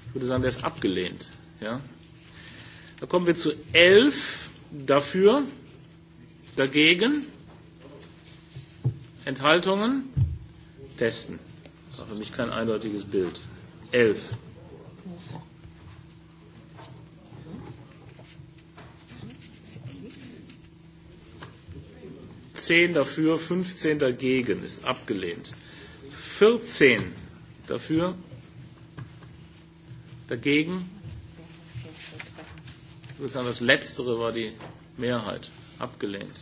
Ich würde sagen, der ist abgelehnt. Ja. Dann kommen wir zu 11 dafür, dagegen, Enthaltungen, testen. Das ist für mich kein eindeutiges Bild. 11. 10 dafür, 15 dagegen, ist abgelehnt. 14 dafür, dagegen. Ich würde sagen, das Letztere war die Mehrheit, abgelehnt.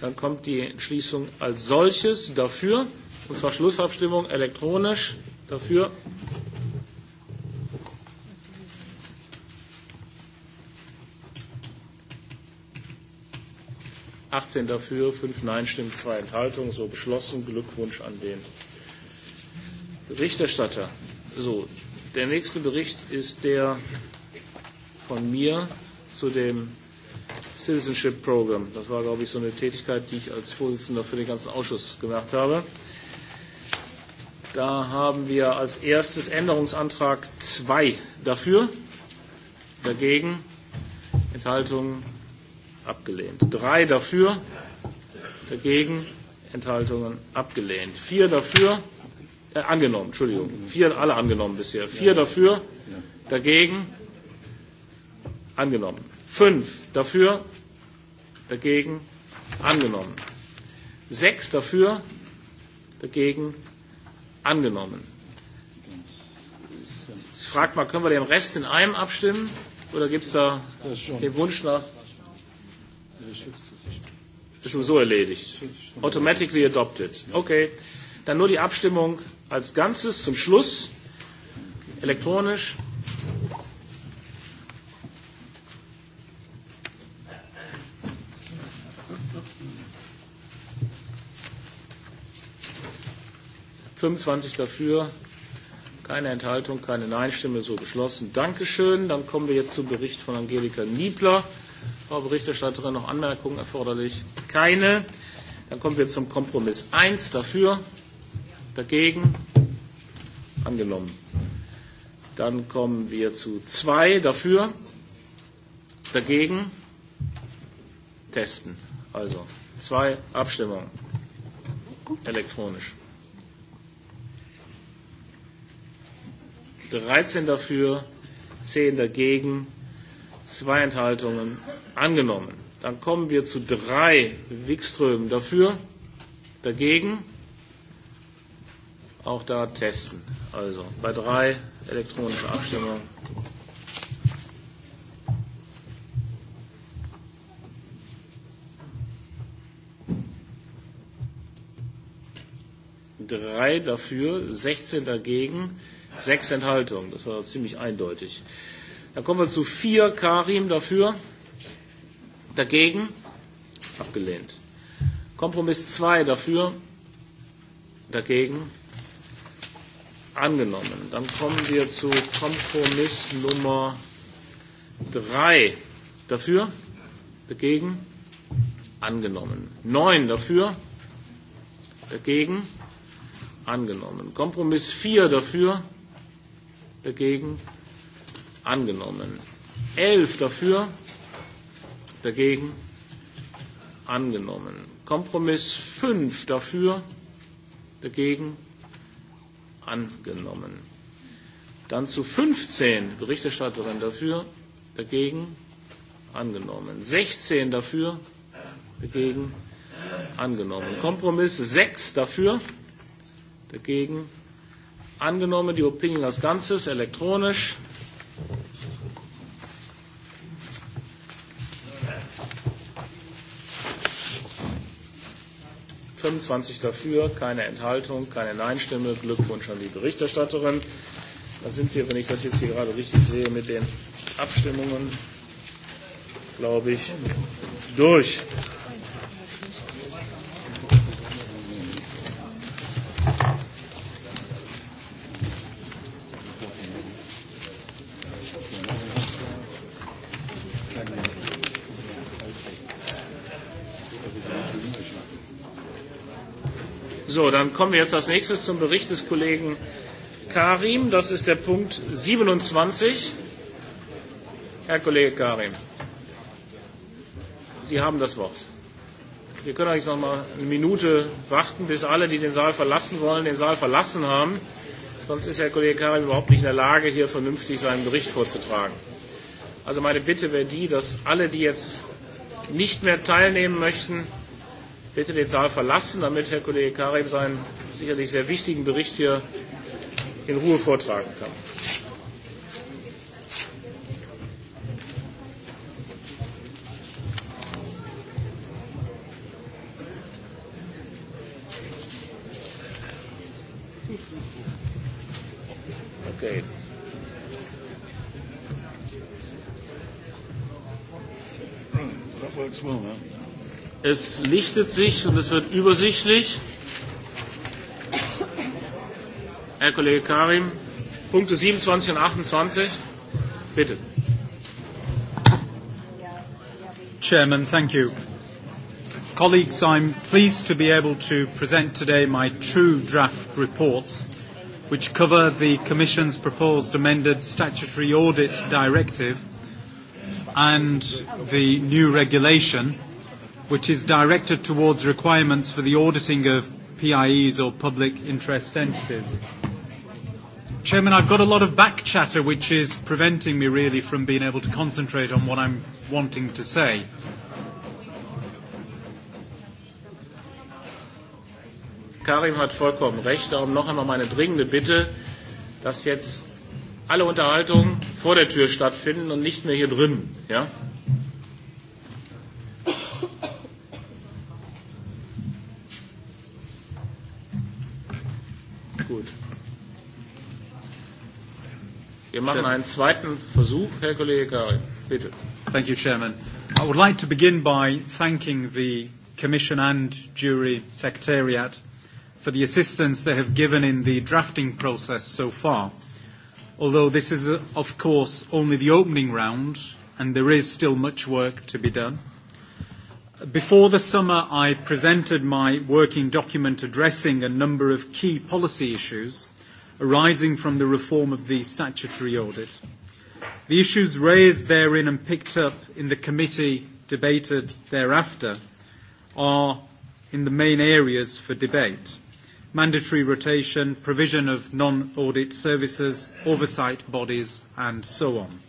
Dann kommt die Entschließung als solches dafür, und zwar Schlussabstimmung elektronisch dafür, 18 dafür, 5 Nein-Stimmen, 2 Enthaltungen. So beschlossen. Glückwunsch an den Berichterstatter. So, der nächste Bericht ist der von mir zu dem Citizenship Program. Das war, glaube ich, so eine Tätigkeit, die ich als Vorsitzender für den ganzen Ausschuss gemacht habe. Da haben wir als erstes Änderungsantrag 2 dafür, dagegen, Enthaltungen abgelehnt. Drei dafür, dagegen, Enthaltungen abgelehnt. Vier dafür, äh, angenommen, Entschuldigung. Vier, alle angenommen bisher. Vier dafür, dagegen, angenommen. Fünf dafür, dagegen, angenommen. Sechs dafür, dagegen, angenommen. Ich frage mal, können wir den Rest in einem abstimmen? Oder gibt es da den Wunsch nach? Ist sowieso erledigt. Automatically adopted. Okay. Dann nur die Abstimmung als Ganzes zum Schluss. Elektronisch. Fünfundzwanzig dafür, keine Enthaltung, keine Nein-Stimme, so beschlossen. Dankeschön. Dann kommen wir jetzt zum Bericht von Angelika Niebler. Frau Berichterstatterin, noch Anmerkungen erforderlich? Keine. Dann kommen wir zum Kompromiss 1 dafür, dagegen angenommen. Dann kommen wir zu 2 dafür, dagegen testen. Also zwei Abstimmungen elektronisch. 13 dafür, 10 dagegen zwei Enthaltungen angenommen. Dann kommen wir zu drei Wikströmen dafür, dagegen. Auch da testen. Also bei drei elektronische Abstimmung. Drei dafür, 16 dagegen, sechs Enthaltungen. Das war ziemlich eindeutig. Da kommen wir zu 4 Karim dafür, dagegen abgelehnt. Kompromiss 2 dafür, dagegen angenommen. Dann kommen wir zu Kompromiss Nummer 3 dafür, dagegen angenommen. 9 dafür, dagegen angenommen. Kompromiss 4 dafür, dagegen angenommen. 11 dafür, dagegen angenommen. Kompromiss 5 dafür, dagegen angenommen. Dann zu 15 Berichterstatterin dafür, dagegen angenommen. 16 dafür, dagegen angenommen. Kompromiss 6 dafür, dagegen angenommen. Die Opinion als Ganzes elektronisch. 25 dafür, keine Enthaltung, keine Nein-Stimme. Glückwunsch an die Berichterstatterin. Da sind wir, wenn ich das jetzt hier gerade richtig sehe, mit den Abstimmungen, glaube ich, durch. So, dann kommen wir jetzt als nächstes zum Bericht des Kollegen Karim. Das ist der Punkt 27. Herr Kollege Karim, Sie haben das Wort. Wir können eigentlich noch mal eine Minute warten, bis alle, die den Saal verlassen wollen, den Saal verlassen haben. Sonst ist Herr Kollege Karim überhaupt nicht in der Lage, hier vernünftig seinen Bericht vorzutragen. Also meine Bitte wäre die, dass alle, die jetzt nicht mehr teilnehmen möchten, bitte den Saal verlassen, damit Herr Kollege Karim seinen sicherlich sehr wichtigen Bericht hier in Ruhe vortragen kann. Es lichtet sich und es wird übersichtlich. Herr Kollege Karim, Punkte 27 und 28. Bitte. Chairman, thank you. Colleagues, I'm pleased to be able to present today my true draft reports, which cover the Commission's proposed amended statutory audit directive and the new regulation which is directed towards requirements for the auditing of PIEs or public interest entities. Chairman, I've got a lot of back chatter which is preventing me really from being able to concentrate on what I'm wanting to say. Karim hat vollkommen recht. Darum noch einmal meine dringende Bitte, dass jetzt alle Unterhaltungen vor der Tür stattfinden und nicht mehr hier drin. Ja? Gut. Wir machen einen zweiten Versuch, Herr Kollege Gari, bitte. Thank you, Chairman. I would like to begin by thanking the Commission and Jury Secretariat for the assistance they have given in the drafting process so far. Although this is, of course, only the opening round, and there is still much work to be done. Before the summer, I presented my working document addressing a number of key policy issues arising from the reform of the statutory audit. The issues raised therein and picked up in the committee debated thereafter are in the main areas for debate mandatory rotation, provision of non audit services, oversight bodies, and so on.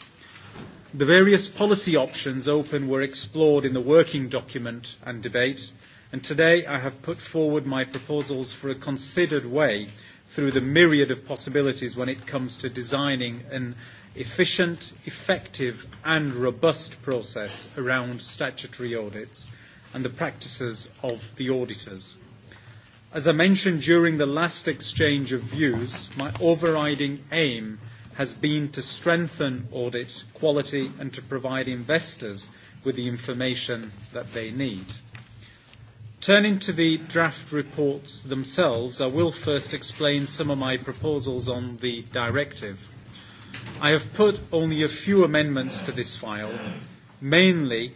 The various policy options open were explored in the working document and debate, and today I have put forward my proposals for a considered way through the myriad of possibilities when it comes to designing an efficient, effective and robust process around statutory audits and the practices of the auditors. As I mentioned during the last exchange of views, my overriding aim has been to strengthen audit quality and to provide investors with the information that they need. Turning to the draft reports themselves, I will first explain some of my proposals on the directive. I have put only a few amendments to this file, mainly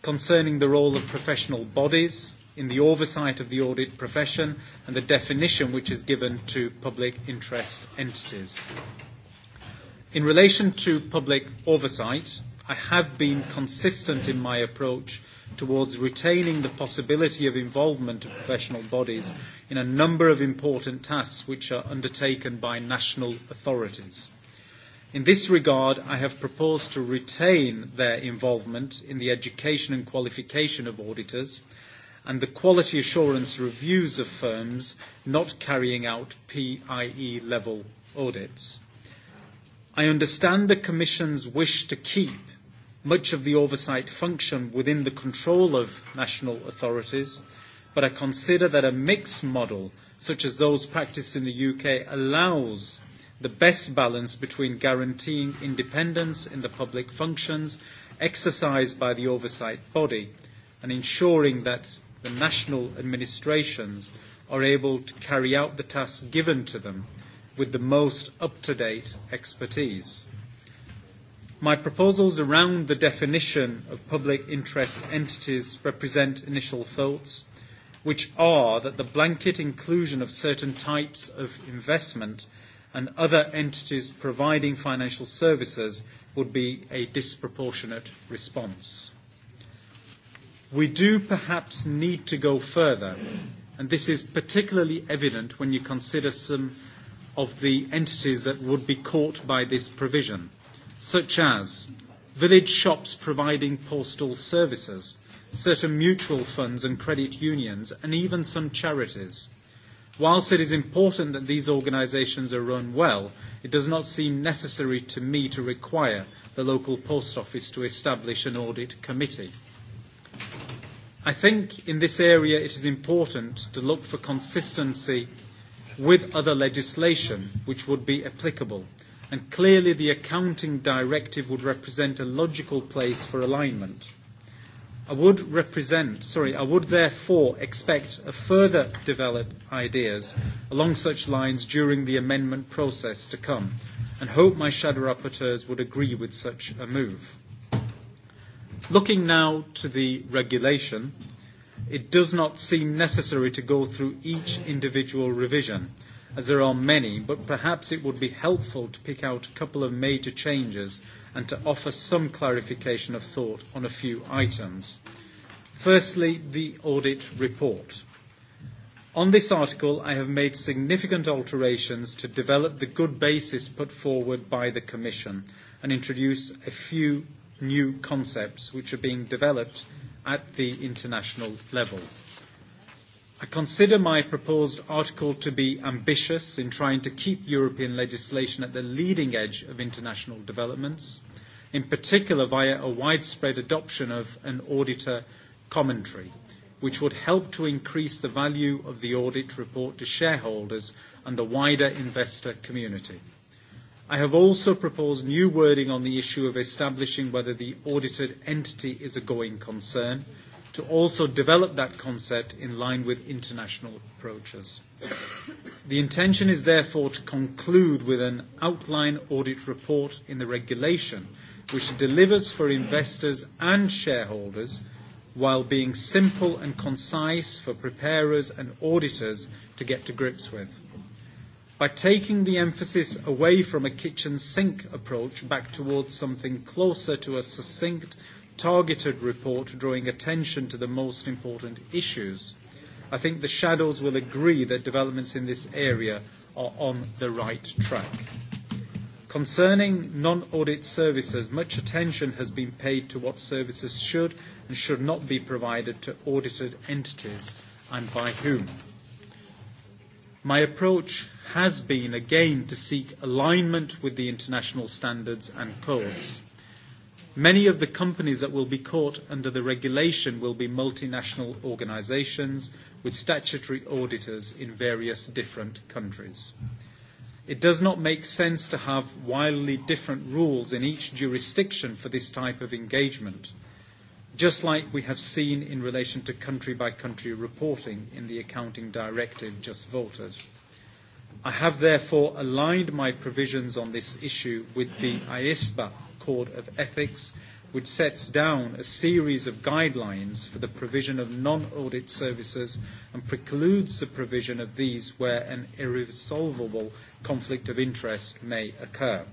concerning the role of professional bodies in the oversight of the audit profession and the definition which is given to public interest entities. In relation to public oversight, I have been consistent in my approach towards retaining the possibility of involvement of professional bodies in a number of important tasks which are undertaken by national authorities. In this regard, I have proposed to retain their involvement in the education and qualification of auditors and the quality assurance reviews of firms not carrying out PIE level audits. I understand the Commission's wish to keep much of the oversight function within the control of national authorities, but I consider that a mixed model, such as those practiced in the UK, allows the best balance between guaranteeing independence in the public functions exercised by the oversight body and ensuring that the national administrations are able to carry out the tasks given to them with the most up-to-date expertise. My proposals around the definition of public interest entities represent initial thoughts, which are that the blanket inclusion of certain types of investment and other entities providing financial services would be a disproportionate response. We do perhaps need to go further, and this is particularly evident when you consider some of the entities that would be caught by this provision, such as village shops providing postal services, certain mutual funds and credit unions, and even some charities. Whilst it is important that these organisations are run well, it does not seem necessary to me to require the local post office to establish an audit committee. I think in this area it is important to look for consistency with other legislation which would be applicable. And clearly, the accounting directive would represent a logical place for alignment. I would represent, sorry, I would therefore expect a further develop ideas along such lines during the amendment process to come and hope my shadow rapporteurs would agree with such a move. Looking now to the regulation, it does not seem necessary to go through each individual revision, as there are many, but perhaps it would be helpful to pick out a couple of major changes and to offer some clarification of thought on a few items. Firstly, the audit report. On this article, I have made significant alterations to develop the good basis put forward by the Commission and introduce a few new concepts which are being developed at the international level. I consider my proposed article to be ambitious in trying to keep European legislation at the leading edge of international developments, in particular via a widespread adoption of an auditor commentary, which would help to increase the value of the audit report to shareholders and the wider investor community. I have also proposed new wording on the issue of establishing whether the audited entity is a going concern to also develop that concept in line with international approaches. the intention is therefore to conclude with an outline audit report in the regulation which delivers for investors and shareholders while being simple and concise for preparers and auditors to get to grips with by taking the emphasis away from a kitchen sink approach back towards something closer to a succinct, targeted report drawing attention to the most important issues. I think the shadows will agree that developments in this area are on the right track. Concerning non-audit services, much attention has been paid to what services should and should not be provided to audited entities and by whom. My approach has been again to seek alignment with the international standards and codes. Many of the companies that will be caught under the regulation will be multinational organisations with statutory auditors in various different countries. It does not make sense to have wildly different rules in each jurisdiction for this type of engagement, just like we have seen in relation to country by country reporting in the accounting directive just voted. I have therefore aligned my provisions on this issue with the IISPA Code of Ethics, which sets down a series of guidelines for the provision of non-audit services and precludes the provision of these where an irresolvable conflict of interest may occur.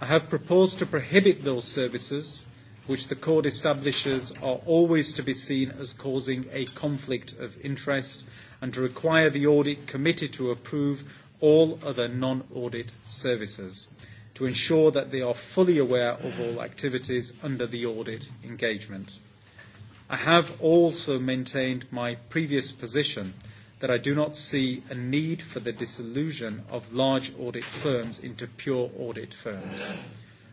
I have proposed to prohibit those services which the court establishes are always to be seen as causing a conflict of interest and to require the audit committee to approve all other non-audit services to ensure that they are fully aware of all activities under the audit engagement. I have also maintained my previous position that I do not see a need for the dissolution of large audit firms into pure audit firms.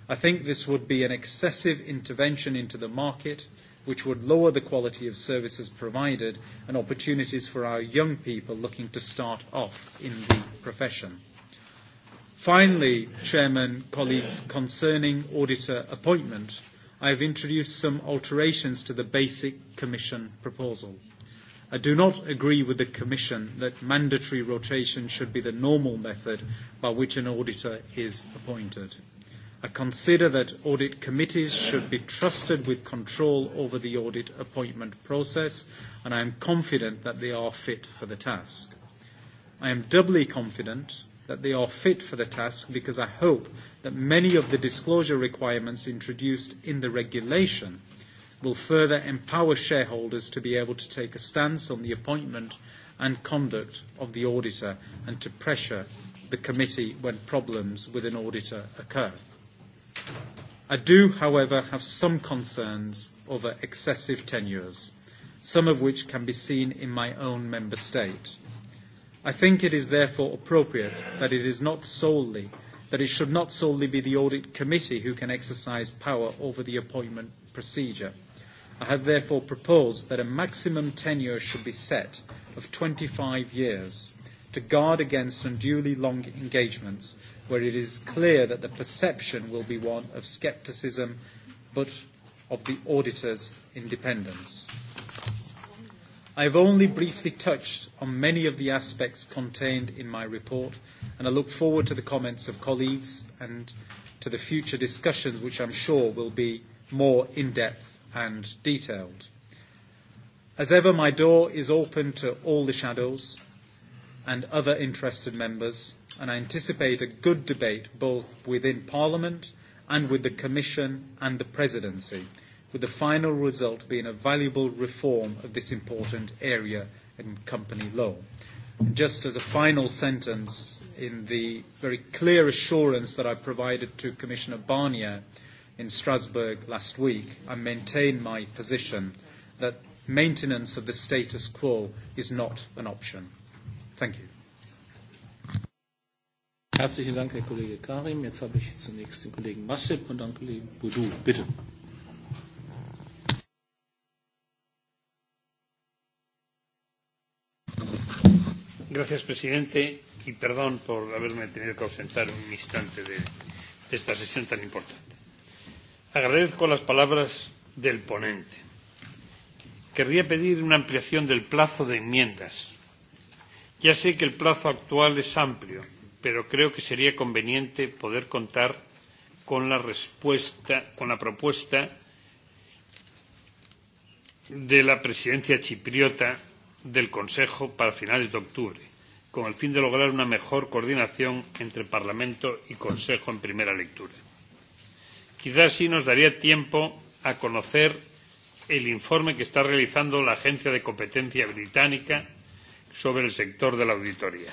I think this would be an excessive intervention into the market, which would lower the quality of services provided and opportunities for our young people looking to start off in the profession. Finally, Chairman, colleagues, concerning auditor appointment, I have introduced some alterations to the basic Commission proposal. I do not agree with the Commission that mandatory rotation should be the normal method by which an auditor is appointed. I consider that audit committees should be trusted with control over the audit appointment process, and I am confident that they are fit for the task. I am doubly confident that they are fit for the task because I hope that many of the disclosure requirements introduced in the regulation will further empower shareholders to be able to take a stance on the appointment and conduct of the auditor and to pressure the committee when problems with an auditor occur. I do, however, have some concerns over excessive tenures, some of which can be seen in my own member state. I think it is therefore appropriate that it is not solely that it should not solely be the audit committee who can exercise power over the appointment procedure. I have therefore proposed that a maximum tenure should be set of 25 years to guard against unduly long engagements where it is clear that the perception will be one of scepticism but of the auditor's independence. I have only briefly touched on many of the aspects contained in my report, and I look forward to the comments of colleagues and to the future discussions, which I'm sure will be more in-depth and detailed. As ever, my door is open to all the shadows, and other interested members, and I anticipate a good debate both within Parliament and with the Commission and the Presidency, with the final result being a valuable reform of this important area in company law. And just as a final sentence, in the very clear assurance that I provided to Commissioner Barnier in Strasbourg last week, I maintain my position that maintenance of the status quo is not an option. Thank you. Herzlichen Dank, Herr Kollege Karim. Jetzt habe ich zunächst den Kollegen Massip und dann Kollegen Boudou. Bitte. Gracias, presidente, y perdón por haberme tenido que ausentar un instante de, de esta sesión tan importante. Agradezco las palabras del ponente. Querría pedir una ampliación del plazo de enmiendas Ya sé que el plazo actual es amplio, pero creo que sería conveniente poder contar con la respuesta, con la propuesta de la presidencia chipriota del Consejo para finales de octubre, con el fin de lograr una mejor coordinación entre Parlamento y Consejo en primera lectura. Quizás sí nos daría tiempo a conocer el informe que está realizando la Agencia de Competencia Británica sobre el sector de la auditoría.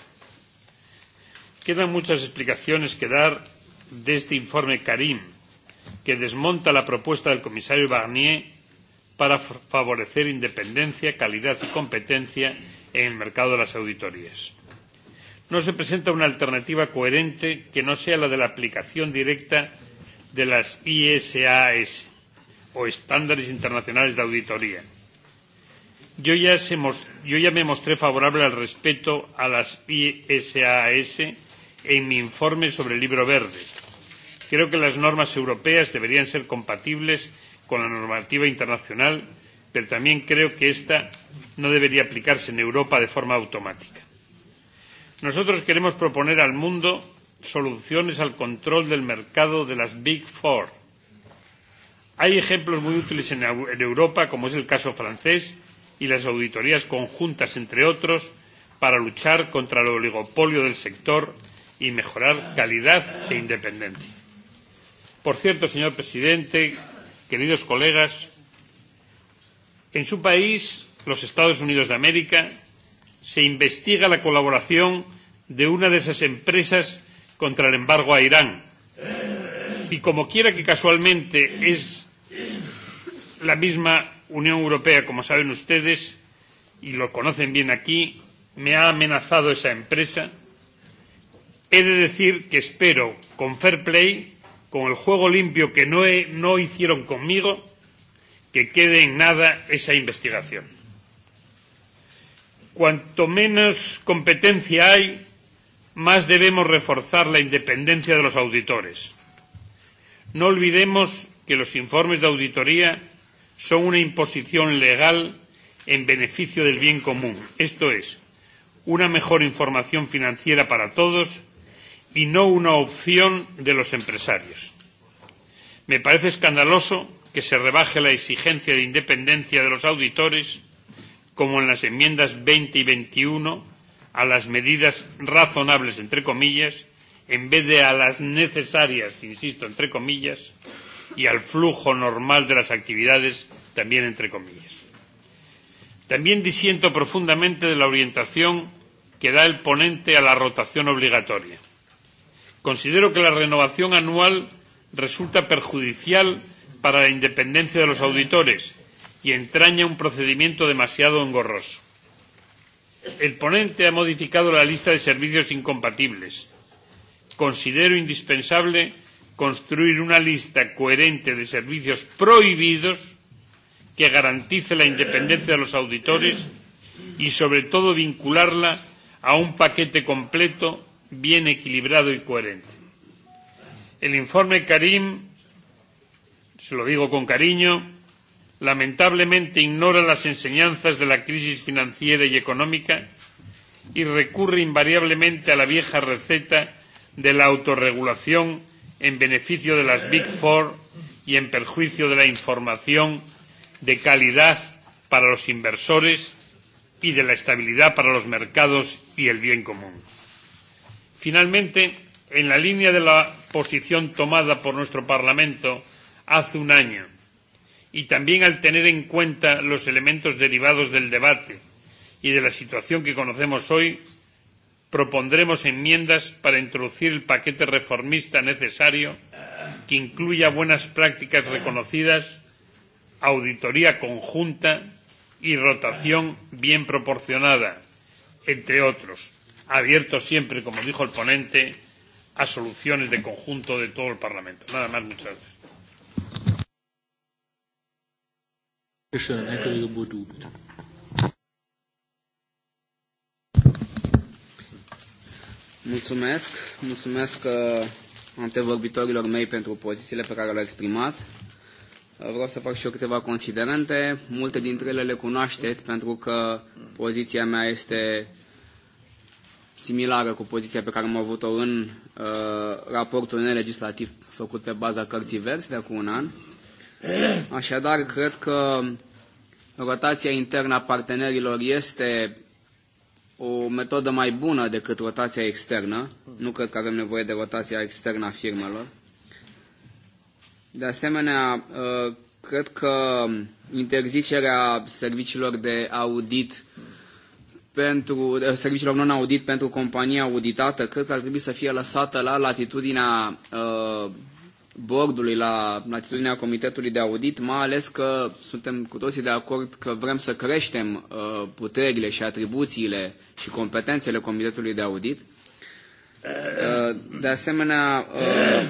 Quedan muchas explicaciones que dar de este informe Karim, que desmonta la propuesta del comisario Barnier para favorecer independencia, calidad y competencia en el mercado de las auditorías. No se presenta una alternativa coherente que no sea la de la aplicación directa de las ISAS o estándares internacionales de auditoría Yo ya, se yo ya me mostré favorable al respeto a las ISAS en mi informe sobre el libro verde. Creo que las normas europeas deberían ser compatibles con la normativa internacional, pero también creo que esta no debería aplicarse en Europa de forma automática. Nosotros queremos proponer al mundo soluciones al control del mercado de las Big Four. Hay ejemplos muy útiles en Europa, como es el caso francés, y las auditorías conjuntas, entre otros, para luchar contra el oligopolio del sector y mejorar calidad e independencia. Por cierto, señor presidente, queridos colegas, en su país, los Estados Unidos de América, se investiga la colaboración de una de esas empresas contra el embargo a Irán. Y como quiera que casualmente es la misma Unión Europea, como saben ustedes, y lo conocen bien aquí, me ha amenazado esa empresa. He de decir que espero, con fair play, con el juego limpio que no, he, no hicieron conmigo, que quede en nada esa investigación. Cuanto menos competencia hay, más debemos reforzar la independencia de los auditores. No olvidemos que los informes de auditoría son una imposición legal en beneficio del bien común, esto es, una mejor información financiera para todos y no una opción de los empresarios. Me parece escandaloso que se rebaje la exigencia de independencia de los auditores, como en las enmiendas 20 y 21, a las medidas razonables, entre comillas, en vez de a las necesarias, insisto, entre comillas, y al flujo normal de las actividades, también entre comillas. También disiento profundamente de la orientación que da el ponente a la rotación obligatoria. Considero que la renovación anual resulta perjudicial para la independencia de los auditores y entraña un procedimiento demasiado engorroso. El ponente ha modificado la lista de servicios incompatibles. Considero indispensable construir una lista coherente de servicios prohibidos que garantice la independencia de los auditores y, sobre todo, vincularla a un paquete completo, bien equilibrado y coherente. El informe Karim, se lo digo con cariño, lamentablemente ignora las enseñanzas de la crisis financiera y económica y recurre invariablemente a la vieja receta de la autorregulación en beneficio de las Big Four y en perjuicio de la información de calidad para los inversores y de la estabilidad para los mercados y el bien común. Finalmente, en la línea de la posición tomada por nuestro Parlamento hace un año y también al tener en cuenta los elementos derivados del debate y de la situación que conocemos hoy, propondremos enmiendas para introducir el paquete reformista necesario que incluya buenas prácticas reconocidas, auditoría conjunta y rotación bien proporcionada, entre otros, abierto siempre, como dijo el ponente, a soluciones de conjunto de todo el Parlamento. Nada más, muchas gracias. Schön, Herr Kollege Bodu, bitte. Mulțumesc. Mulțumesc uh, antevorbitorilor mei pentru pozițiile pe care le-au exprimat. Uh, vreau să fac și eu câteva considerente. Multe dintre ele le cunoașteți pentru că poziția mea este similară cu poziția pe care am avut-o în uh, raportul nelegislativ făcut pe baza cărții verzi de acum un an. Așadar, cred că rotația internă a partenerilor este o metodă mai bună decât rotația externă. Nu cred că avem nevoie de rotația externă a firmelor. De asemenea, uh, cred că interzicerea serviciilor de audit pentru uh, serviciilor non-audit pentru compania auditată, cred că ar trebui să fie lăsată la latitudinea uh, bordului, la atitudinea Comitetului de Audit, mai ales că suntem cu toții de acord că vrem să creștem uh, puterile și atribuțiile și competențele Comitetului de Audit. Uh, de asemenea, uh,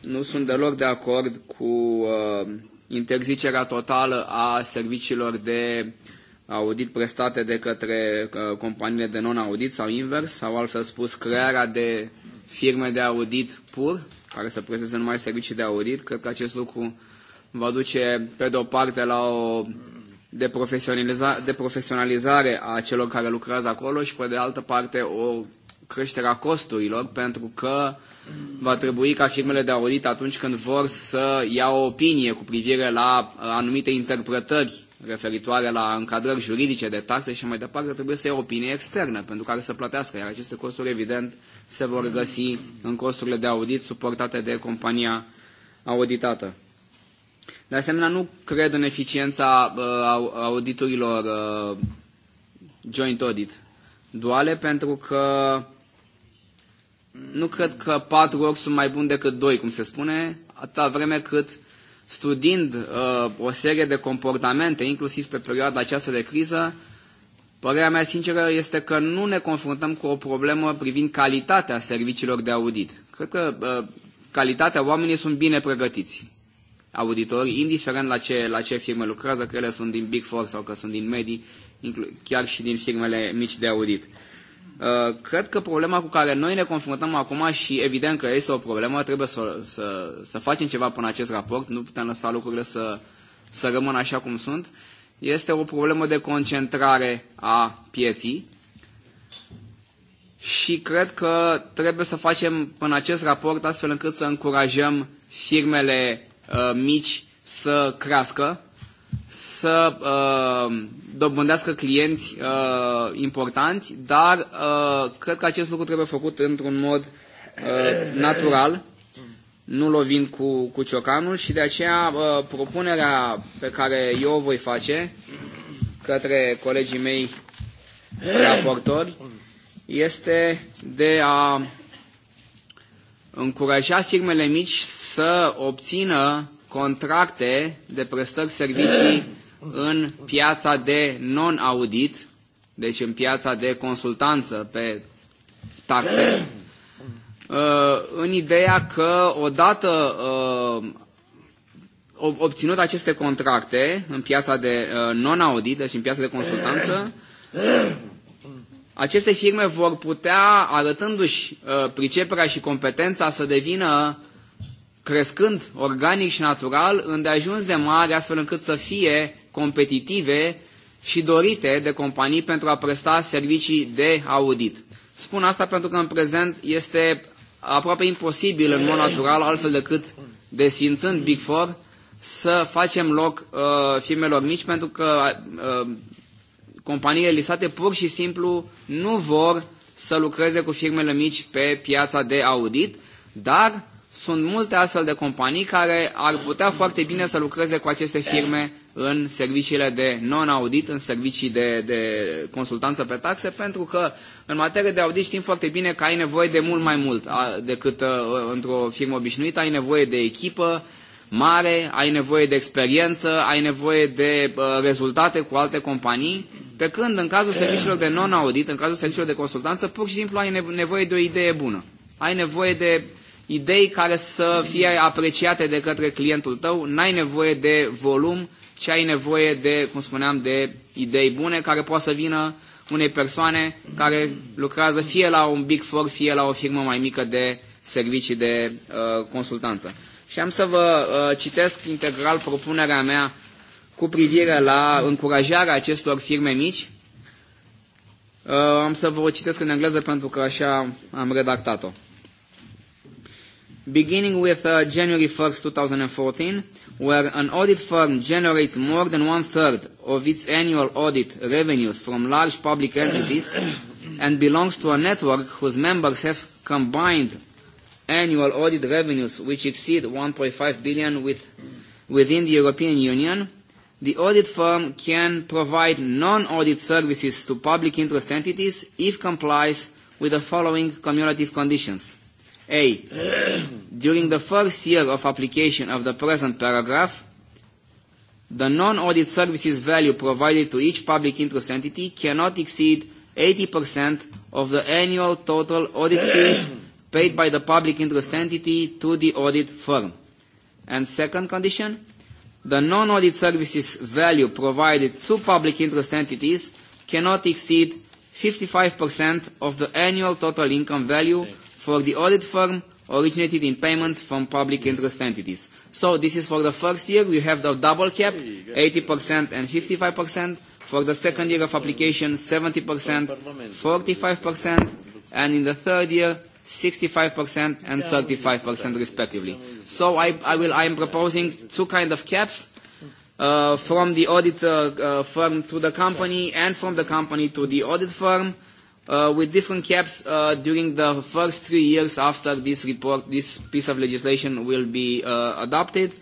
nu sunt deloc de acord cu uh, interzicerea totală a serviciilor de audit prestate de către uh, companiile de non-audit sau invers, sau altfel spus, crearea de firme de audit pur, care să presteze numai servicii de audit. Cred că acest lucru va duce, pe de-o parte, la o deprofesionalizare a celor care lucrează acolo și, pe de altă parte, o creștere a costurilor, pentru că va trebui ca firmele de audit, atunci când vor să ia o opinie cu privire la uh, anumite interpretări referitoare la încadrări juridice de taxe și mai departe, trebuie să ia opinie externă pentru care să plătească, iar aceste costuri, evident, se vor găsi în costurile de audit suportate de compania auditată. De asemenea, nu cred în eficiența uh, auditurilor uh, joint audit duale, pentru că nu cred că patru ori sunt mai buni decât doi, cum se spune, atâta vreme cât studiind uh, o serie de comportamente, inclusiv pe perioada aceasta de criză, părerea mea sinceră este că nu ne confruntăm cu o problemă privind calitatea serviciilor de audit. Cred că uh, calitatea oamenii sunt bine pregătiți auditori, indiferent la ce, la ce firme lucrează, că ele sunt din Big Four sau că sunt din medii, chiar și din firmele mici de audit. Uh, Uh, cred că problema cu care noi ne confruntăm acum și evident că este o problemă, trebuie să, să, să facem ceva până acest raport, nu putem lăsa lucrurile să, să rămână așa cum sunt, este o problemă de concentrare a pieții și cred că trebuie să facem până acest raport astfel încât să încurajăm firmele uh, mici să crească, să uh, dobândească clienți uh, importanți, dar uh, cred că acest lucru trebuie făcut într-un mod uh, natural, nu lovind cu, cu ciocanul și de aceea uh, propunerea pe care eu o voi face către colegii mei raportori este de a încuraja firmele mici să obțină contracte de prestări servicii în piața de non-audit, deci în piața de consultanță pe taxe, uh, în ideea că odată uh, obținut aceste contracte în piața de uh, non-audit, deci în piața de consultanță, aceste firme vor putea, arătându-și priceperea și competența, să devină crescând organic și natural, îndeajuns de mari, astfel încât să fie competitive și dorite de companii pentru a presta servicii de audit. Spun asta pentru că în prezent este aproape imposibil în mod natural, altfel decât desfințând Big Four, să facem loc uh, firmelor mici, pentru că uh, companiile listate pur și simplu nu vor să lucreze cu firmele mici pe piața de audit, dar sunt multe astfel de companii care ar putea foarte bine să lucreze cu aceste firme în serviciile de non-audit, în servicii de, de consultanță pe taxe, pentru că în materie de audit știm foarte bine că ai nevoie de mult mai mult decât ă, într-o firmă obișnuită, ai nevoie de echipă mare, ai nevoie de experiență, ai nevoie de ă, rezultate cu alte companii, pe când în cazul serviciilor de non-audit, în cazul serviciilor de consultanță, pur și simplu ai nevoie de o idee bună. Ai nevoie de idei care să fie apreciate de către clientul tău, n-ai nevoie de volum, ci ai nevoie de, cum spuneam, de idei bune care poate să vină unei persoane care lucrează fie la un Big Four, fie la o firmă mai mică de servicii de uh, consultanță. Și am să vă uh, citesc integral propunerea mea cu privire la încurajarea acestor firme mici. Uh, am să vă o citesc în engleză pentru că așa am redactat-o beginning with uh, January 1st, 2014, where an audit firm generates more than one-third of its annual audit revenues from large public entities and belongs to a network whose members have combined annual audit revenues which exceed 1.5 billion with, within the European Union, the audit firm can provide non-audit services to public interest entities if complies with the following cumulative conditions – a. During the first year of application of the present paragraph, the non-audit services value provided to each public interest entity cannot exceed 80% of the annual total audit fees paid by the public interest entity to the audit firm. And second condition, the non-audit services value provided to public interest entities cannot exceed 55% of the annual total income value for the audit firm originated in payments from public interest entities. So this is for the first year. We have the double cap, 80% and 55%. For the second year of application, 70%, 45%, and in the third year, 65% and 35% respectively. So I, I, will, I am proposing two kind of caps uh, from the audit uh, uh, firm to the company and from the company to the audit firm. Uh, with different caps uh, during the first three years after this report, this piece of legislation will be uh, adopted.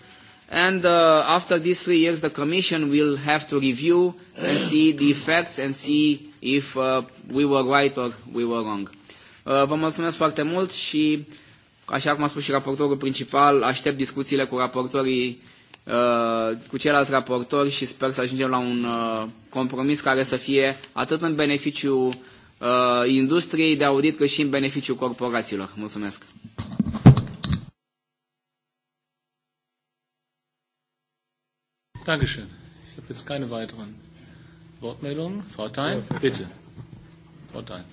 And uh, after these three years, the Commission will have to review and see the effects and see if uh, we were right or we were wrong. Uh, vă mulțumesc foarte mult și, așa cum a spus și raportorul principal, aștept discuțiile cu raportorii, uh, cu ceilalți raportori și sper să ajungem la un uh, compromis care să fie atât în beneficiu uh, uh, industriei de audit, cât și în beneficiul corporațiilor. Mulțumesc! Dankeschön. Ich habe jetzt keine weiteren Wortmeldungen. Frau Thein, bitte. Frau Thein.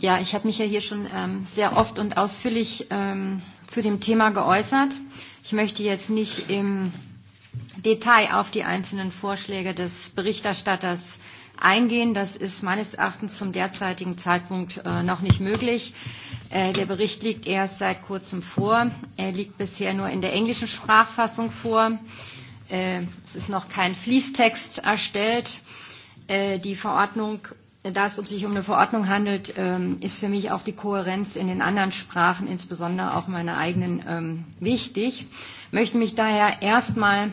Ja, ich habe mich ja hier schon ähm, sehr oft und ausführlich ähm, zu dem Thema geäußert. Ich möchte jetzt nicht im Detail auf die einzelnen Vorschläge des Berichterstatters eingehen. Das ist meines Erachtens zum derzeitigen Zeitpunkt äh, noch nicht möglich. Äh, der Bericht liegt erst seit kurzem vor. Er liegt bisher nur in der englischen Sprachfassung vor. Äh, es ist noch kein Fließtext erstellt. Die Verordnung da es um sich um eine Verordnung handelt, ähm, ist für mich auch die Kohärenz in den anderen Sprachen, insbesondere auch meiner eigenen, ähm, wichtig. Ich möchte mich daher erstmal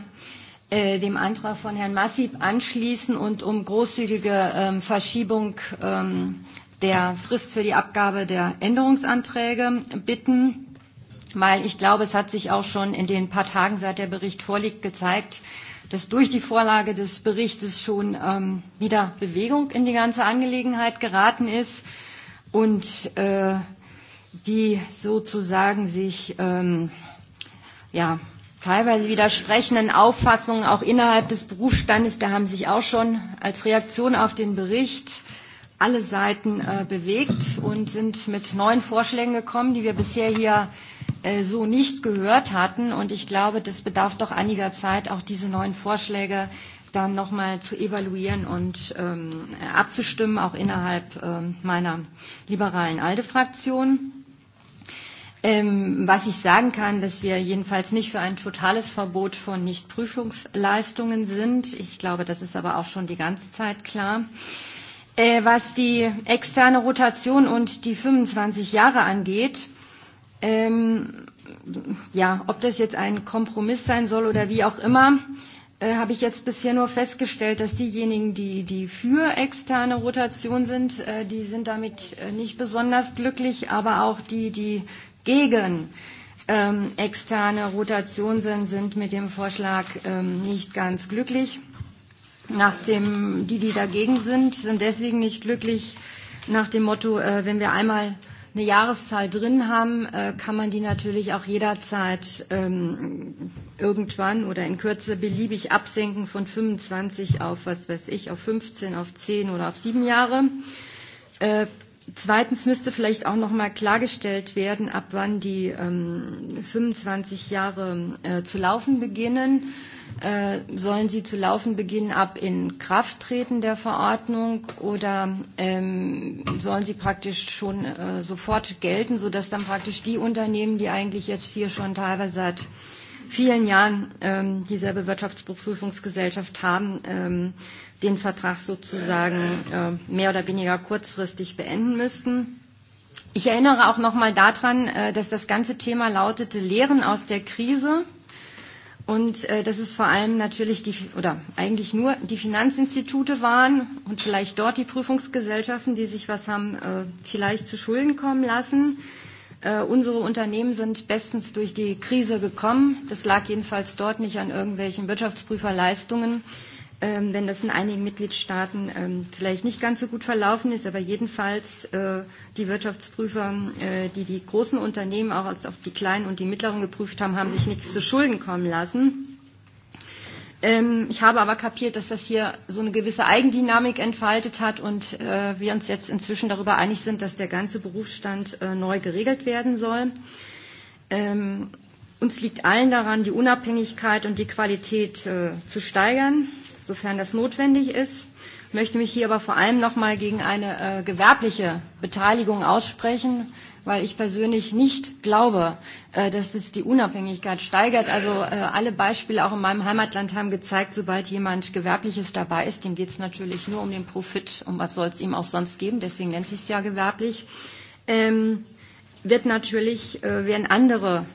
äh, dem Antrag von Herrn Massib anschließen und um großzügige ähm, Verschiebung der Frist für die Abgabe der Änderungsanträge bitten, weil ich glaube, es hat sich auch schon in den paar Tagen, seit der Bericht vorliegt, gezeigt, dass durch die Vorlage des Berichtes schon ähm, wieder Bewegung in die ganze Angelegenheit geraten ist und äh, die sozusagen sich ähm, ja, teilweise widersprechenden Auffassungen auch innerhalb des Berufsstandes, da haben sich auch schon als Reaktion auf den Bericht alle Seiten äh, bewegt und sind mit neuen Vorschlägen gekommen, die wir bisher hier äh, so nicht gehört hatten. Und ich glaube, das bedarf doch einiger Zeit, auch diese neuen Vorschläge dann nochmal zu evaluieren und ähm, abzustimmen, auch innerhalb ähm, meiner liberalen ALDE-Fraktion. Ähm, was ich sagen kann, dass wir jedenfalls nicht für ein totales Verbot von Nichtprüfungsleistungen sind. Ich glaube, das ist aber auch schon die ganze Zeit klar. Äh, Äh, was die externe Rotation und die 25 Jahre angeht, ähm, ja, ob das jetzt ein Kompromiss sein soll oder wie auch immer, äh, habe ich jetzt bisher nur festgestellt, dass diejenigen, die, die für externe Rotation sind, äh, die sind damit äh, nicht besonders glücklich, aber auch die, die gegen ähm, externe Rotation sind, sind mit dem Vorschlag ähm, nicht ganz glücklich nach dem, die, die dagegen sind, sind deswegen nicht glücklich nach dem Motto, äh, wenn wir einmal eine Jahreszahl drin haben, äh, kann man die natürlich auch jederzeit ähm, irgendwann oder in Kürze beliebig absenken von 25 auf, was weiß ich, auf 15, auf 10 oder auf 7 Jahre. Äh, Zweitens müsste vielleicht auch noch mal klargestellt werden, ab wann die ähm, 25 Jahre äh, zu laufen beginnen. Äh, äh, sollen sie zu laufen beginnen ab in Inkrafttreten der Verordnung oder ähm, sollen sie praktisch schon äh, sofort gelten, sodass dann praktisch die Unternehmen, die eigentlich jetzt hier schon teilweise seit vielen Jahren ähm, dieselbe Wirtschaftsprüfungsgesellschaft haben, ähm, den Vertrag sozusagen äh, mehr oder weniger kurzfristig beenden müssten. Ich erinnere auch noch mal daran, äh, dass das ganze Thema lautete Lehren aus der Krise. Und äh, dass es vor allem natürlich die, oder eigentlich nur die Finanzinstitute waren und vielleicht dort die Prüfungsgesellschaften, die sich was haben äh, vielleicht zu Schulden kommen lassen. Äh, unsere Unternehmen sind bestens durch die Krise gekommen. Das lag jedenfalls dort nicht an irgendwelchen Wirtschaftsprüferleistungen. Äh, ähm, wenn das in einigen Mitgliedstaaten ähm, vielleicht nicht ganz so gut verlaufen ist, aber jedenfalls äh, die Wirtschaftsprüfer, äh, die die großen Unternehmen auch als auch die kleinen und die mittleren geprüft haben, haben sich nichts zu Schulden kommen lassen. Ähm, ich habe aber kapiert, dass das hier so eine gewisse Eigendynamik entfaltet hat und äh, wir uns jetzt inzwischen darüber einig sind, dass der ganze Berufsstand äh, neu geregelt werden soll. Ähm, uns liegt allen daran, die Unabhängigkeit und die Qualität äh, zu steigern sofern das notwendig ist. Ich möchte mich hier aber vor allem noch mal gegen eine äh, gewerbliche Beteiligung aussprechen, weil ich persönlich nicht glaube, äh, dass es die Unabhängigkeit steigert. Also äh, alle Beispiele auch in meinem Heimatland haben gezeigt, sobald jemand Gewerbliches dabei ist, dem geht es natürlich nur um den Profit. Um was soll es ihm auch sonst geben? Deswegen nennt sich es ja gewerblich. Ähm, wird natürlich, äh, werden andere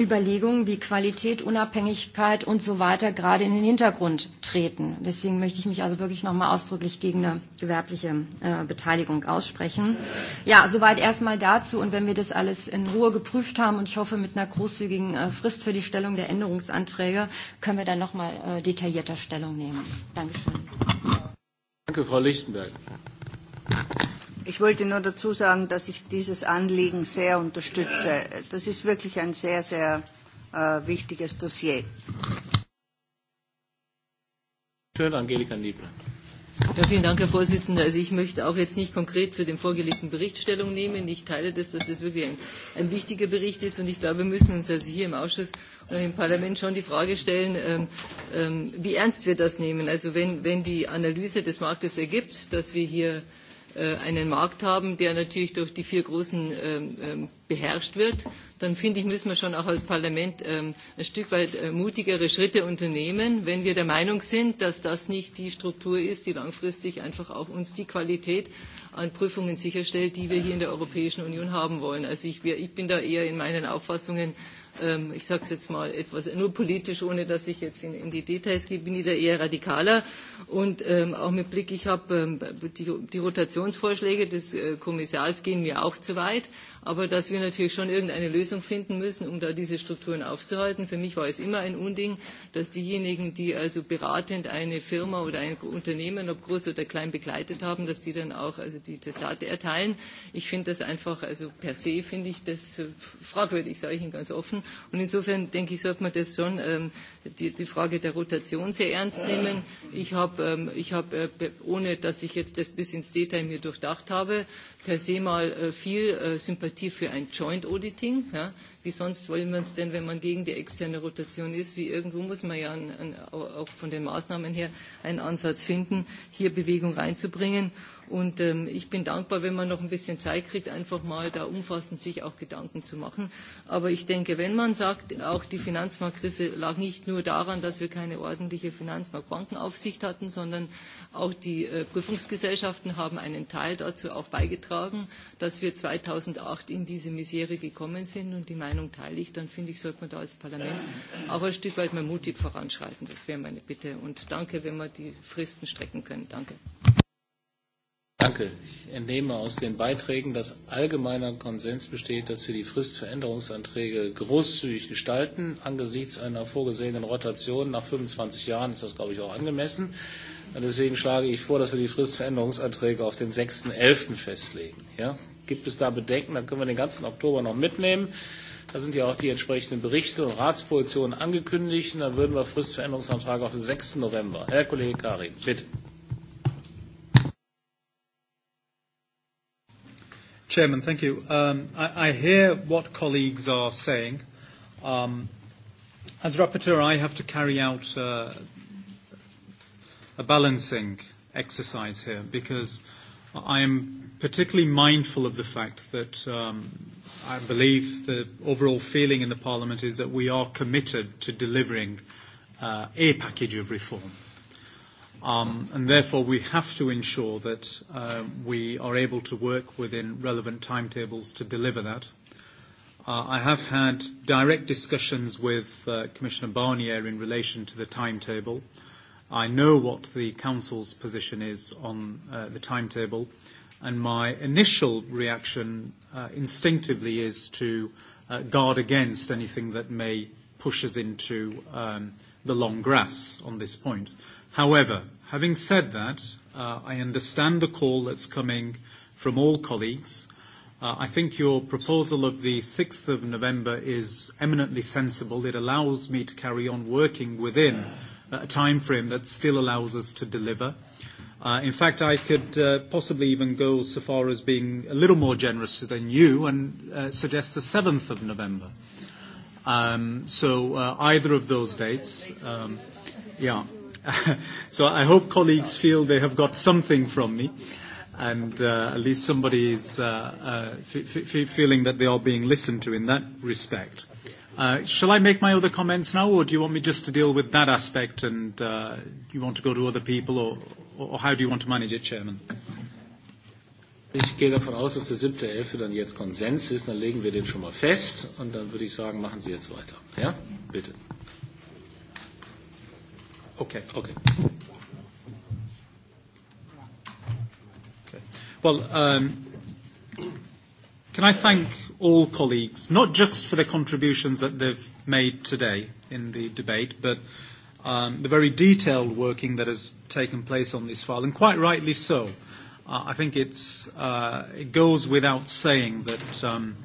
Überlegungen wie Qualität, Unabhängigkeit und so weiter gerade in den Hintergrund treten. Deswegen möchte ich mich also wirklich nochmal ausdrücklich gegen eine gewerbliche äh, Beteiligung aussprechen. Ja, soweit erstmal dazu. Und wenn wir das alles in Ruhe geprüft haben und ich hoffe mit einer großzügigen äh, Frist für die Stellung der Änderungsanträge, können wir dann nochmal äh, detaillierter Stellung nehmen. Dankeschön. Danke, Frau Lichtenberg. Ich wollte nur dazu sagen, dass ich dieses Anliegen sehr unterstütze. Das ist wirklich ein sehr, sehr äh, wichtiges Dossier. Angelika Ja, vielen Dank, Herr Vorsitzender. Also ich möchte auch jetzt nicht konkret zu dem vorgelegten Bericht Stellung nehmen. Ich teile das, dass das wirklich ein, ein wichtiger Bericht ist. Und ich glaube, wir müssen uns also hier im Ausschuss und im Parlament schon die Frage stellen, ähm, ähm, wie ernst wir das nehmen. Also wenn, wenn die Analyse des Marktes ergibt, dass wir hier Äh, einen Markt haben, der natürlich durch die vier Großen ähm, ähm, beherrscht wird, dann finde ich, müssen wir schon auch als Parlament ähm, ein Stück weit äh, mutigere Schritte unternehmen, wenn wir der Meinung sind, dass das nicht die Struktur ist, die langfristig einfach auch uns die Qualität an Prüfungen sicherstellt, die wir hier in der Europäischen Union haben wollen. Also ich, ich bin da eher in meinen Auffassungen ähm, ich sage es jetzt mal etwas nur politisch, ohne dass ich jetzt in, in die Details gehe, bin ich da eher radikaler. Und ähm, auch mit Blick, ich habe ähm, die, die Rotationsvorschläge des äh, Kommissars gehen mir auch zu weit aber dass wir natürlich schon irgendeine Lösung finden müssen, um da diese Strukturen aufzuhalten. Für mich war es immer ein Unding, dass diejenigen, die also beratend eine Firma oder ein Unternehmen, ob groß oder klein, begleitet haben, dass die dann auch also die Testate erteilen. Ich finde das einfach, also per se finde ich das äh, fragwürdig, sage ich Ihnen ganz offen. Und insofern denke ich, sollte man das schon, ähm, die, die Frage der Rotation sehr ernst nehmen. Ich habe, ähm, ich hab, äh, ohne dass ich jetzt das bis ins Detail mir durchdacht habe, per se mal äh, viel äh, Sympathie Sympathie für ein Joint Auditing. Ja? Wie sonst wollen wir es denn, wenn man gegen die externe Rotation ist? Wie irgendwo muss man ja ein, ein, auch von den Maßnahmen her einen Ansatz finden, hier Bewegung reinzubringen. Und ähm, ich bin dankbar, wenn man noch ein bisschen Zeit kriegt, einfach mal da umfassend sich auch Gedanken zu machen. Aber ich denke, wenn man sagt, auch die Finanzmarktkrise lag nicht nur daran, dass wir keine ordentliche Finanzmarktbankenaufsicht hatten, sondern auch die äh, Prüfungsgesellschaften haben einen Teil dazu auch beigetragen, dass wir 2008 in diese Misere gekommen sind. Und die Meinung teile ich, dann finde ich, sollte man da als Parlament auch ein Stück weit mehr mutig voranschreiten. Das wäre meine Bitte. Und danke, wenn wir die Fristen strecken können. Danke. Danke. Ich entnehme aus den Beiträgen, dass allgemeiner Konsens besteht, dass wir die Frist für Änderungsanträge großzügig gestalten. Angesichts einer vorgesehenen Rotation nach 25 Jahren ist das, glaube ich, auch angemessen. Und deswegen schlage ich vor, dass wir die Frist für Änderungsanträge auf den 6.11. festlegen. Ja? Gibt es da Bedenken? Dann können wir den ganzen Oktober noch mitnehmen. Da sind ja auch die entsprechenden Berichte und Ratspositionen angekündigt. Und dann würden wir Frist für Änderungsanträge auf den 6. November. Herr Kollege Karin, bitte. Chairman, thank you. Um, I, I hear what colleagues are saying. Um, as rapporteur, I have to carry out uh, a balancing exercise here because I am particularly mindful of the fact that um, I believe the overall feeling in the Parliament is that we are committed to delivering uh, a package of reform. Um, and therefore, we have to ensure that uh, we are able to work within relevant timetables to deliver that. Uh, I have had direct discussions with uh, Commissioner Barnier in relation to the timetable. I know what the Council's position is on the timetable, and my initial reaction instinctively is to guard against anything that may push us into um, the long grass on this point. However, Having said that, uh, I understand the call that's coming from all colleagues. Uh, I think your proposal of the 6th of November is eminently sensible. It allows me to carry on working within a timeframe that still allows us to deliver. Uh, in fact, I could uh, possibly even go so far as being a little more generous than you and uh, suggest the 7th of November. Um, so uh, either of those dates, um, yeah. so I hope colleagues feel they have got something from me, and uh, at least somebody is uh, uh, f- f- feeling that they are being listened to in that respect. Uh, shall I make my other comments now, or do you want me just to deal with that aspect and uh, you want to go to other people, or, or how do you want to manage it, Chairman? Ich gehe davon aus, dass der 7.11. dann jetzt Konsens ist, dann legen wir den schon mal fest und dann würde ich sagen, machen Sie jetzt weiter. Ja, bitte. Okay, okay. okay. Well, um, can I thank all colleagues, not just for the contributions that they've made today in the debate, but um, the very detailed working that has taken place on this file, and quite rightly so. Uh, I think it's, uh, it goes without saying that um,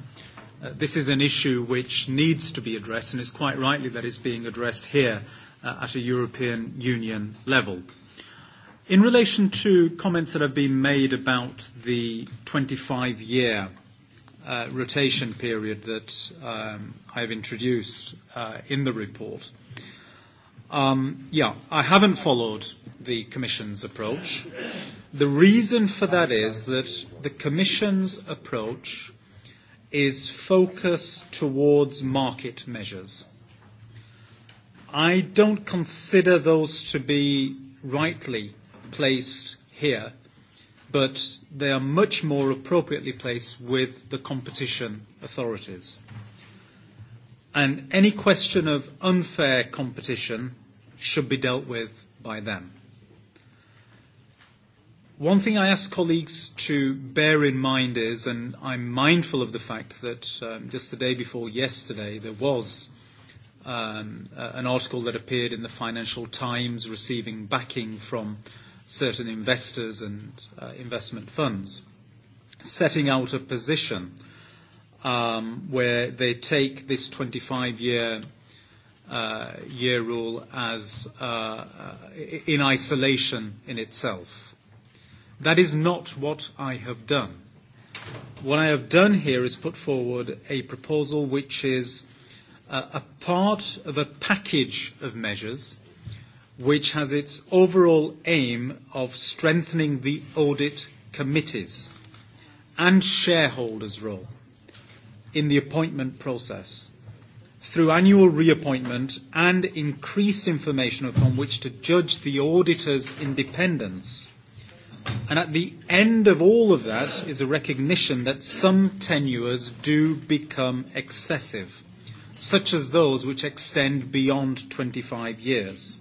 uh, this is an issue which needs to be addressed, and it's quite rightly that it's being addressed here uh, at a European Union level. In relation to comments that have been made about the 25 year uh, rotation period that um, I have introduced uh, in the report, um, yeah, I haven't followed the Commission's approach. The reason for that is that the Commission's approach is focused towards market measures. I don't consider those to be rightly placed here, but they are much more appropriately placed with the competition authorities. And any question of unfair competition should be dealt with by them. One thing I ask colleagues to bear in mind is, and I'm mindful of the fact that um, just the day before yesterday there was um, an article that appeared in the Financial Times receiving backing from certain investors and uh, investment funds, setting out a position um, where they take this 25 year uh, year rule as uh, uh, in isolation in itself. That is not what I have done. What I have done here is put forward a proposal which is uh, a part of a package of measures which has its overall aim of strengthening the audit committees and shareholders' role in the appointment process through annual reappointment and increased information upon which to judge the auditor's independence. And at the end of all of that is a recognition that some tenures do become excessive such as those which extend beyond 25 years.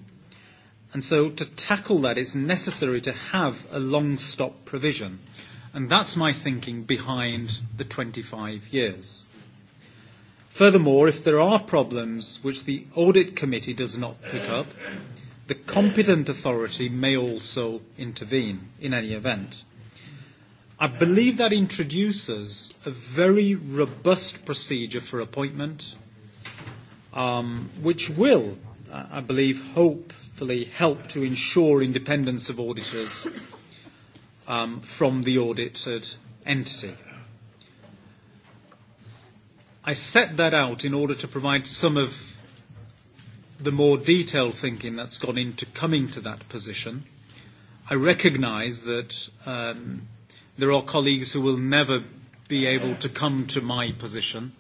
And so to tackle that, it's necessary to have a long stop provision. And that's my thinking behind the 25 years. Furthermore, if there are problems which the audit committee does not pick up, the competent authority may also intervene in any event. I believe that introduces a very robust procedure for appointment um, which will, uh, I believe, hopefully help to ensure independence of auditors um, from the audited entity. I set that out in order to provide some of the more detailed thinking that's gone into coming to that position. I recognise that um, there are colleagues who will never be able to come to my position,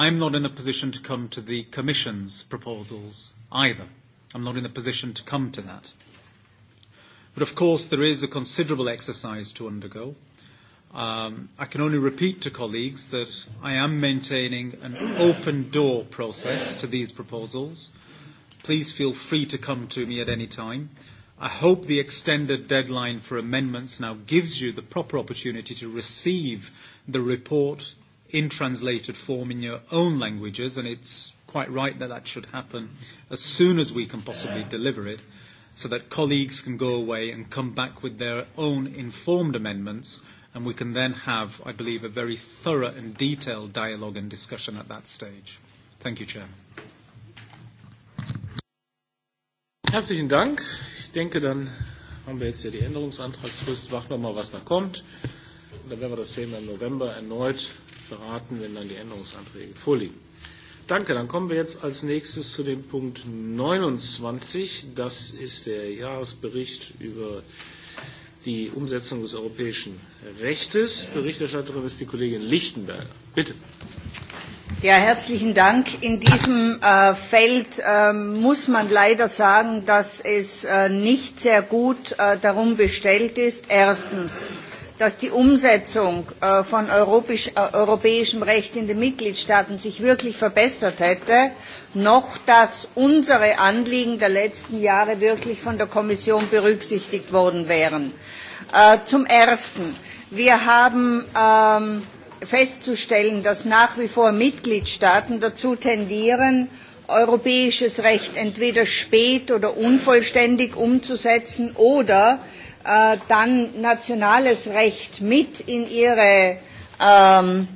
I'm not in a position to come to the Commission's proposals either. I'm not in a position to come to that. But of course, there is a considerable exercise to undergo. Um, I can only repeat to colleagues that I am maintaining an open door process to these proposals. Please feel free to come to me at any time. I hope the extended deadline for amendments now gives you the proper opportunity to receive the report in translated form in your own languages, and it's quite right that that should happen as soon as we can possibly deliver it, so that colleagues can go away and come back with their own informed amendments, and we can then have, I believe, a very thorough and detailed dialogue and discussion at that stage. Thank you, Chairman. Herzlichen Dank. Ich denke, dann haben wir jetzt hier die Änderungsantragsfrist. Warten wir mal, was da kommt. Und dann werden wir das Thema im November erneut beraten, wenn dann die Änderungsanträge vorliegen. Danke, dann kommen wir jetzt als nächstes zu dem Punkt 29. Das ist der Jahresbericht über die Umsetzung des europäischen Rechtes. Berichterstatterin ist die Kollegin Lichtenberger. Bitte. Ja, herzlichen Dank. In diesem äh, Feld äh, muss man leider sagen, dass es äh, nicht sehr gut äh, darum bestellt ist. Erstens Äh, dass die Umsetzung äh, von europäisch, äh, europäischem Recht in den Mitgliedstaaten sich wirklich verbessert hätte, noch dass unsere Anliegen der letzten Jahre wirklich von der Kommission berücksichtigt worden wären. Äh, zum Ersten. Wir haben ähm, festzustellen, dass nach wie vor Mitgliedstaaten dazu tendieren, europäisches Recht entweder spät oder unvollständig umzusetzen oder äh, dann nationales Recht mit in ihre ähm,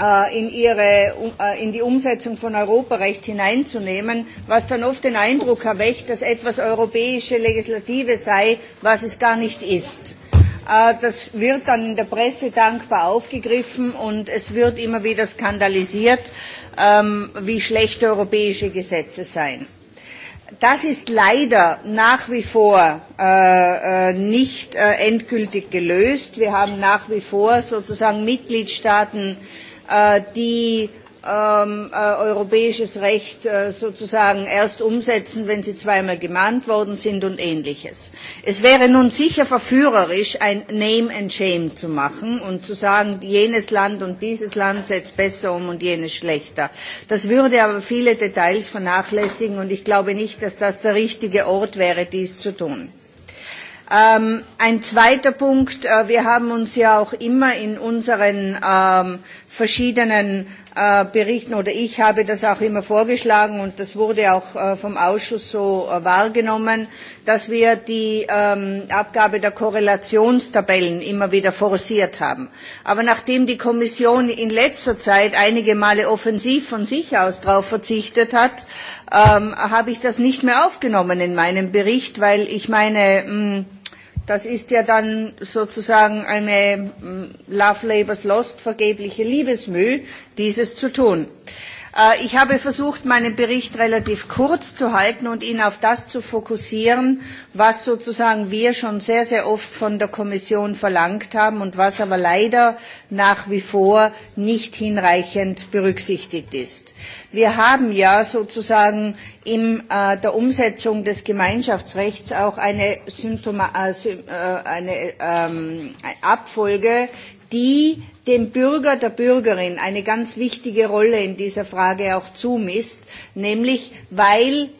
äh, in, ihre, um, äh, in die Umsetzung von Europarecht hineinzunehmen, was dann oft den Eindruck erweckt, dass etwas europäische Legislative sei, was es gar nicht ist. Äh, das wird dann in der Presse dankbar aufgegriffen und es wird immer wieder skandalisiert, ähm, wie schlecht europäische Gesetze seien das ist leider nach wie vor äh, äh, nicht äh, endgültig gelöst. Wir haben nach wie vor sozusagen Mitgliedstaaten, äh, die ähm, äh, europäisches Recht äh, sozusagen erst umsetzen, wenn sie zweimal gemahnt worden sind und ähnliches. Es wäre nun sicher verführerisch, ein Name and Shame zu machen und zu sagen, jenes Land und dieses Land setzt besser um und jenes schlechter. Das würde aber viele Details vernachlässigen und ich glaube nicht, dass das der richtige Ort wäre, dies zu tun. Ähm, ein zweiter Punkt, äh, wir haben uns ja auch immer in unseren ähm, verschiedenen Äh, berichten oder ich habe das auch immer vorgeschlagen und das wurde auch äh, vom Ausschuss so äh, wahrgenommen, dass wir die ähm, Abgabe der Korrelationstabellen immer wieder forciert haben. Aber nachdem die Kommission in letzter Zeit einige Male offensiv von sich aus darauf verzichtet hat, ähm, habe ich das nicht mehr aufgenommen in meinem Bericht, weil ich meine, mh, hm, Das ist ja dann sozusagen eine mm, Love Labours Lost, vergebliche Liebesmüh, dieses zu tun. Äh, Äh, ich habe versucht, meinen Bericht relativ kurz zu halten und ihn auf das zu fokussieren, was sozusagen wir schon sehr, sehr oft von der Kommission verlangt haben und was aber leider nach wie vor nicht hinreichend berücksichtigt ist. Wir haben ja sozusagen in äh, der Umsetzung des Gemeinschaftsrechts auch eine, Symptoma, äh, äh eine ähm, Abfolge die dem Bürger, der Bürgerin eine ganz wichtige Rolle in dieser Frage auch zumisst, nämlich weil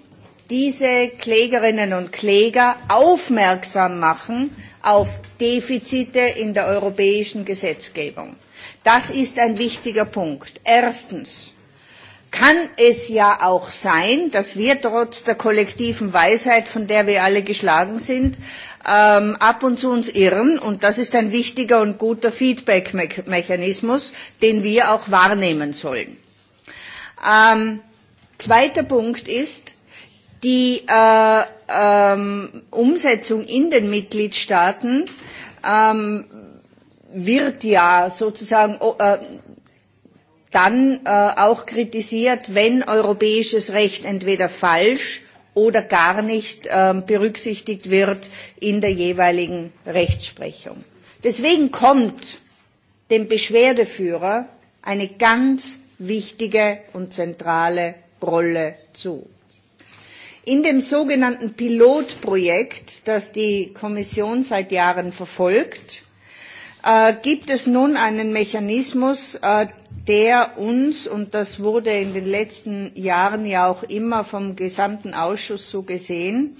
diese Klägerinnen und Kläger aufmerksam machen auf Defizite in der europäischen Gesetzgebung. Das ist ein wichtiger Punkt. Erstens kann es ja auch sein, dass wir trotz der kollektiven Weisheit, von der wir alle geschlagen sind, ähm, ab und zu uns irren. Und das ist ein wichtiger und guter Feedback-Mechanismus, den wir auch wahrnehmen sollen. Ähm, zweiter Punkt ist, die äh, ähm, Umsetzung in den Mitgliedstaaten ähm, wird ja sozusagen, oh, äh, dann äh, auch kritisiert, wenn europäisches Recht entweder falsch oder gar nicht äh, berücksichtigt wird in der jeweiligen Rechtsprechung. Deswegen kommt dem Beschwerdeführer eine ganz wichtige und zentrale Rolle zu. In dem sogenannten Pilotprojekt, das die Kommission seit Jahren verfolgt, äh, gibt es nun einen Mechanismus, äh, der uns, und das wurde in den letzten Jahren ja auch immer vom gesamten Ausschuss so gesehen,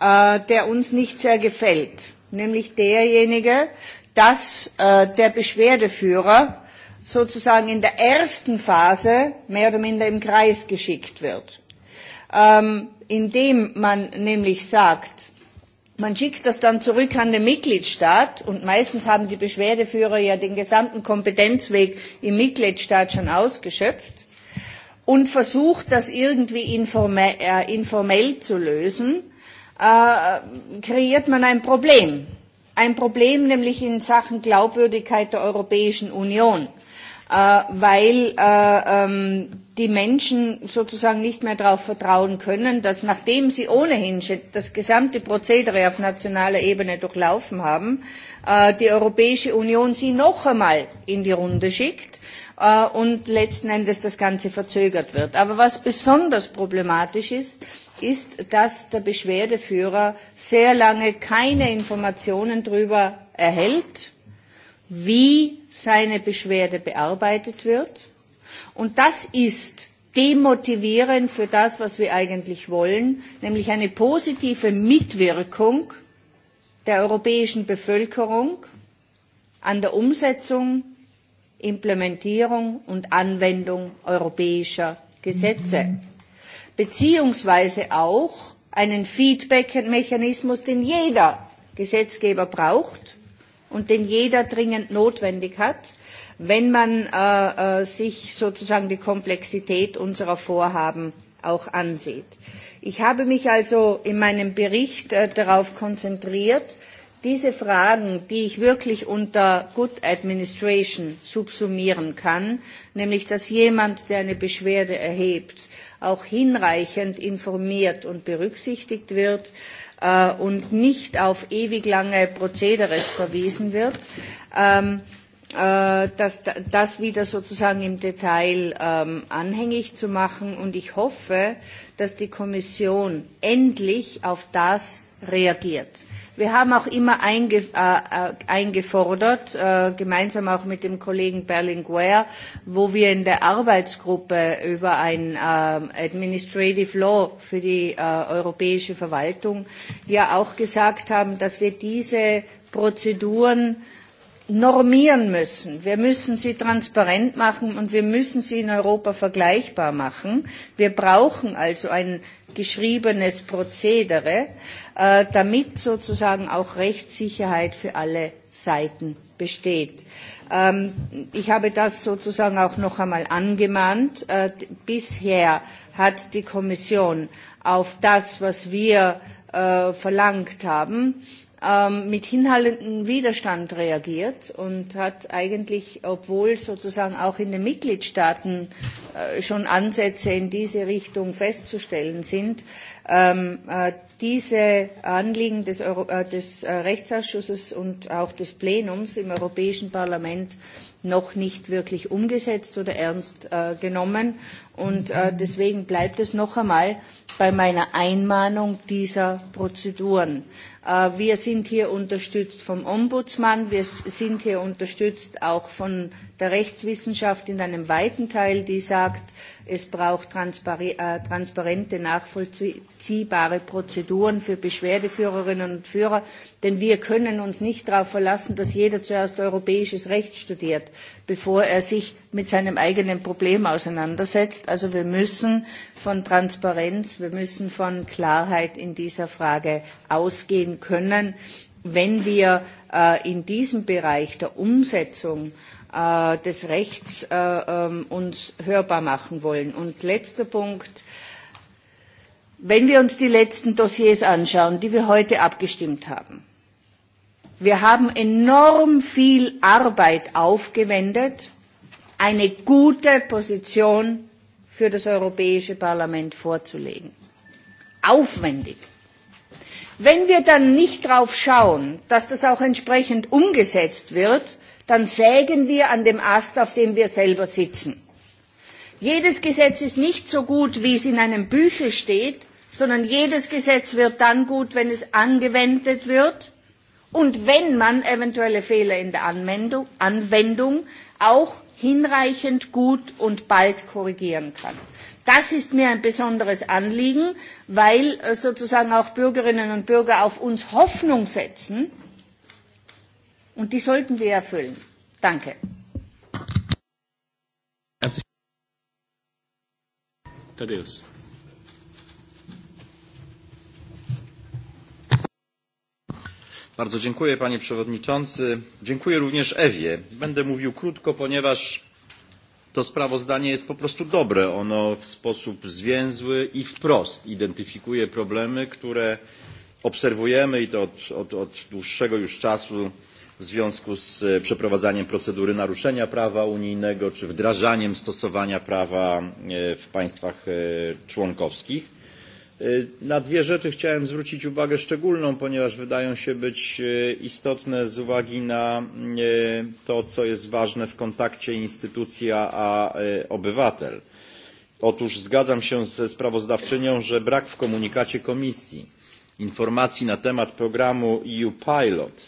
äh, der uns nicht sehr gefällt, nämlich derjenige, dass äh, der Beschwerdeführer sozusagen in der ersten Phase mehr oder minder im Kreis geschickt wird, ähm, indem man nämlich sagt, Man schickt das dann zurück an den Mitgliedstaat und meistens haben die Beschwerdeführer ja den gesamten Kompetenzweg im Mitgliedstaat schon ausgeschöpft und versucht, das irgendwie informe äh, informell zu lösen, äh, kreiert man ein Problem. Ein Problem nämlich in Sachen Glaubwürdigkeit der Europäischen Union, äh, weil äh, ähm, die Menschen sozusagen nicht mehr darauf vertrauen können, dass nachdem sie ohnehin das gesamte Prozedere auf nationaler Ebene durchlaufen haben, äh, die Europäische Union sie noch einmal in die Runde schickt äh, und letzten Endes das Ganze verzögert wird. Aber was besonders problematisch ist, ist, dass der Beschwerdeführer sehr lange keine Informationen darüber erhält, wie seine Beschwerde bearbeitet wird Und das ist demotivierend für das, was wir eigentlich wollen, nämlich eine positive Mitwirkung der europäischen Bevölkerung an der Umsetzung, Implementierung und Anwendung europäischer Gesetze, beziehungsweise auch einen Feedback-Mechanismus, den jeder Gesetzgeber braucht, und den jeder dringend notwendig hat, wenn man äh, äh, sich sozusagen die Komplexität unserer Vorhaben auch ansieht. Ich habe mich also in meinem Bericht äh, darauf konzentriert, diese Fragen, die ich wirklich unter Good Administration subsumieren kann, nämlich dass jemand, der eine Beschwerde erhebt, auch hinreichend informiert und berücksichtigt wird, äh, äh, und nicht auf ewig lange Prozedere verwiesen wird, ähm, äh, das, das wieder sozusagen im Detail ähm, anhängig zu machen. Und ich hoffe, dass die Kommission endlich auf das reagiert. Wir haben auch immer einge, äh, äh, eingefordert, äh, gemeinsam auch mit dem Kollegen Berlinguer, wo wir in der Arbeitsgruppe über ein äh, Administrative Law für die äh, europäische Verwaltung ja auch gesagt haben, dass wir diese Prozeduren normieren müssen. Wir müssen sie transparent machen und wir müssen sie in Europa vergleichbar machen. Wir brauchen also ein geschriebenes Prozedere, äh, damit sozusagen auch Rechtssicherheit für alle Seiten besteht. Ähm, ich habe das sozusagen auch noch einmal angemahnt. Äh, bisher hat die Kommission auf das, was wir äh, verlangt haben, ähm, mit hinhaltendem Widerstand reagiert und hat eigentlich, obwohl sozusagen auch in den Mitgliedstaaten äh, schon Ansätze in diese Richtung festzustellen sind, ähm, äh, diese Anliegen des, Euro äh, des äh, Rechtsausschusses und auch des Plenums im Europäischen Parlament noch nicht wirklich umgesetzt oder ernst äh, genommen. Und äh, deswegen bleibt es noch einmal bei meiner Einmahnung dieser Prozeduren. Äh, wir sind hier unterstützt vom Ombudsmann, wir sind hier unterstützt auch von der Rechtswissenschaft in einem weiten Teil, die sagt, es braucht transpar äh, transparente, nachvollziehbare Prozeduren Prozeduren für Beschwerdeführerinnen und Führer, denn wir können uns nicht darauf verlassen, dass jeder zuerst europäisches Recht studiert, bevor er sich mit seinem eigenen Problem auseinandersetzt. Also wir müssen von Transparenz, wir müssen von Klarheit in dieser Frage ausgehen können, wenn wir äh, in diesem Bereich der Umsetzung äh, des Rechts äh, ähm, uns hörbar machen wollen. Und letzter Punkt Wenn wir uns die letzten Dossiers anschauen, die wir heute abgestimmt haben, wir haben enorm viel Arbeit aufgewendet, eine gute Position für das Europäische Parlament vorzulegen. Aufwendig. Wenn wir dann nicht darauf schauen, dass das auch entsprechend umgesetzt wird, dann sägen wir an dem Ast, auf dem wir selber sitzen. Jedes Gesetz ist nicht so gut, wie es in einem Büchel steht, sondern jedes Gesetz wird dann gut, wenn es angewendet wird und wenn man eventuelle Fehler in der Anwendung, Anwendung auch hinreichend gut und bald korrigieren kann. Das ist mir ein besonderes Anliegen, weil äh, sozusagen auch Bürgerinnen und Bürger auf uns Hoffnung setzen und die sollten wir erfüllen. Danke. Tadeusz. Bardzo dziękuję panie przewodniczący. Dziękuję również Ewie. Będę mówił krótko, ponieważ to sprawozdanie jest po prostu dobre. Ono w sposób zwięzły i wprost identyfikuje problemy, które obserwujemy i to od, od, od dłuższego już czasu w związku z przeprowadzaniem procedury naruszenia prawa unijnego czy wdrażaniem stosowania prawa w państwach członkowskich. Na dwie rzeczy chciałem zwrócić uwagę szczególną, ponieważ wydają się być istotne z uwagi na to, co jest ważne w kontakcie instytucja a obywatel. Otóż zgadzam się ze sprawozdawczynią, że brak w komunikacie komisji informacji na temat programu EU Pilot,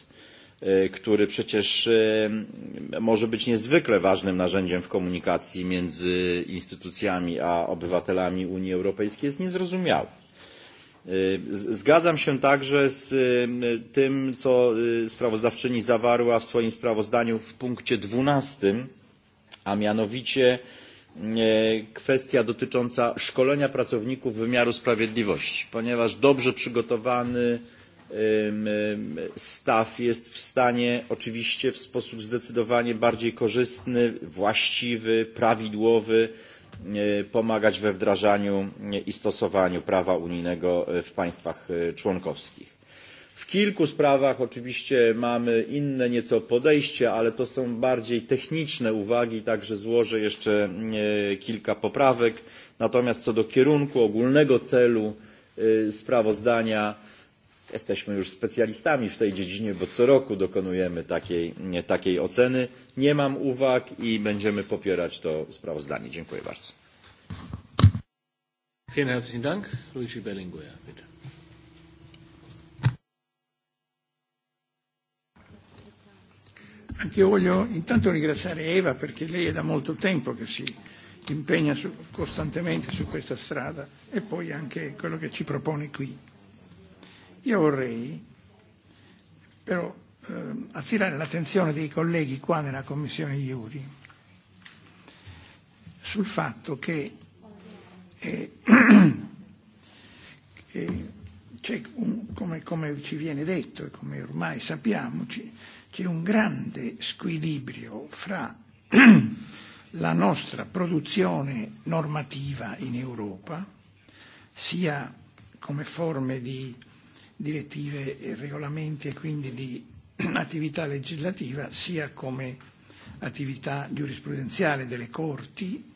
który przecież może być niezwykle ważnym narzędziem w komunikacji między instytucjami a obywatelami Unii Europejskiej jest niezrozumiały. Zgadzam się także z tym, co sprawozdawczyni zawarła w swoim sprawozdaniu w punkcie 12, a mianowicie kwestia dotycząca szkolenia pracowników wymiaru sprawiedliwości, ponieważ dobrze przygotowany staw jest w stanie oczywiście w sposób zdecydowanie bardziej korzystny, właściwy, prawidłowy pomagać we wdrażaniu i stosowaniu prawa unijnego w państwach członkowskich. W kilku sprawach oczywiście mamy inne nieco podejście, ale to są bardziej techniczne uwagi, także złożę jeszcze kilka poprawek. Natomiast co do kierunku ogólnego celu sprawozdania, jesteśmy już specjalistami w tej dziedzinie, bo co roku dokonujemy takiej, takiej oceny. Nie mam uwag i będziemy popierać to sprawozdanie. Dziękuję bardzo. Vielen herzlichen Dank. Luigi bitte. voglio intanto ringraziare Eva perché lei è da molto tempo che si impegna su, costantemente su questa strada e poi anche quello che ci propone qui. Io vorrei però eh, attirare l'attenzione dei colleghi qua nella Commissione Iuri sul fatto che, eh, che c'è un, come, come ci viene detto e come ormai sappiamo, c'è un grande squilibrio fra la nostra produzione normativa in Europa, sia come forme di direttive e regolamenti e quindi di attività legislativa sia come attività giurisprudenziale delle corti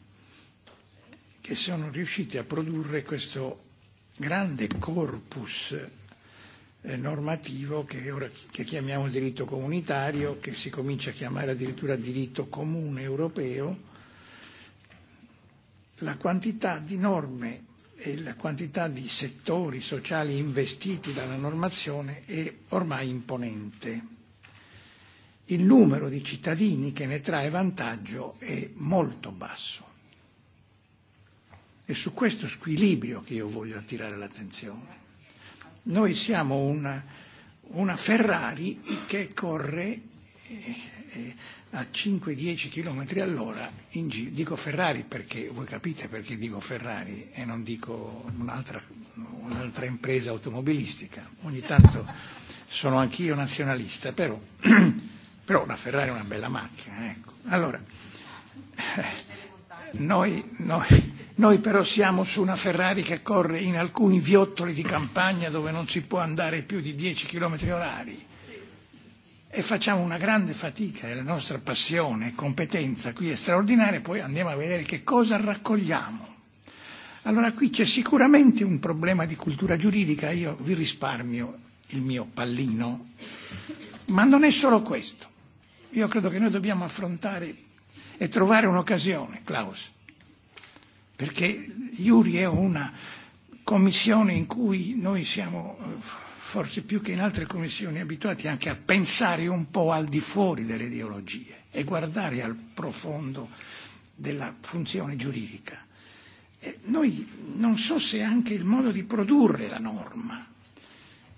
che sono riuscite a produrre questo grande corpus eh, normativo che ora che chiamiamo il diritto comunitario, che si comincia a chiamare addirittura diritto comune europeo, la quantità di norme e la quantità di settori sociali investiti dalla normazione è ormai imponente. Il numero di cittadini che ne trae vantaggio è molto basso. È su questo squilibrio che io voglio attirare l'attenzione. Noi siamo una, una Ferrari che corre eh, eh, a 5-10 km all'ora in giro. Dico Ferrari perché voi capite perché dico Ferrari e non dico un'altra, un'altra impresa automobilistica. Ogni tanto sono anch'io nazionalista, però, però una Ferrari è una bella macchina. Ecco. Allora, noi, noi, noi però siamo su una Ferrari che corre in alcuni viottoli di campagna dove non si può andare più di 10 km orari e facciamo una grande fatica e la nostra passione e competenza qui è straordinaria, poi andiamo a vedere che cosa raccogliamo. Allora qui c'è sicuramente un problema di cultura giuridica, io vi risparmio il mio pallino, ma non è solo questo. Io credo che noi dobbiamo affrontare e trovare un'occasione, Klaus, perché Iuri è una commissione in cui noi siamo eh, forse più che in altre commissioni, abituati anche a pensare un po' al di fuori delle ideologie e guardare al profondo della funzione giuridica. E noi non so se anche il modo di produrre la norma,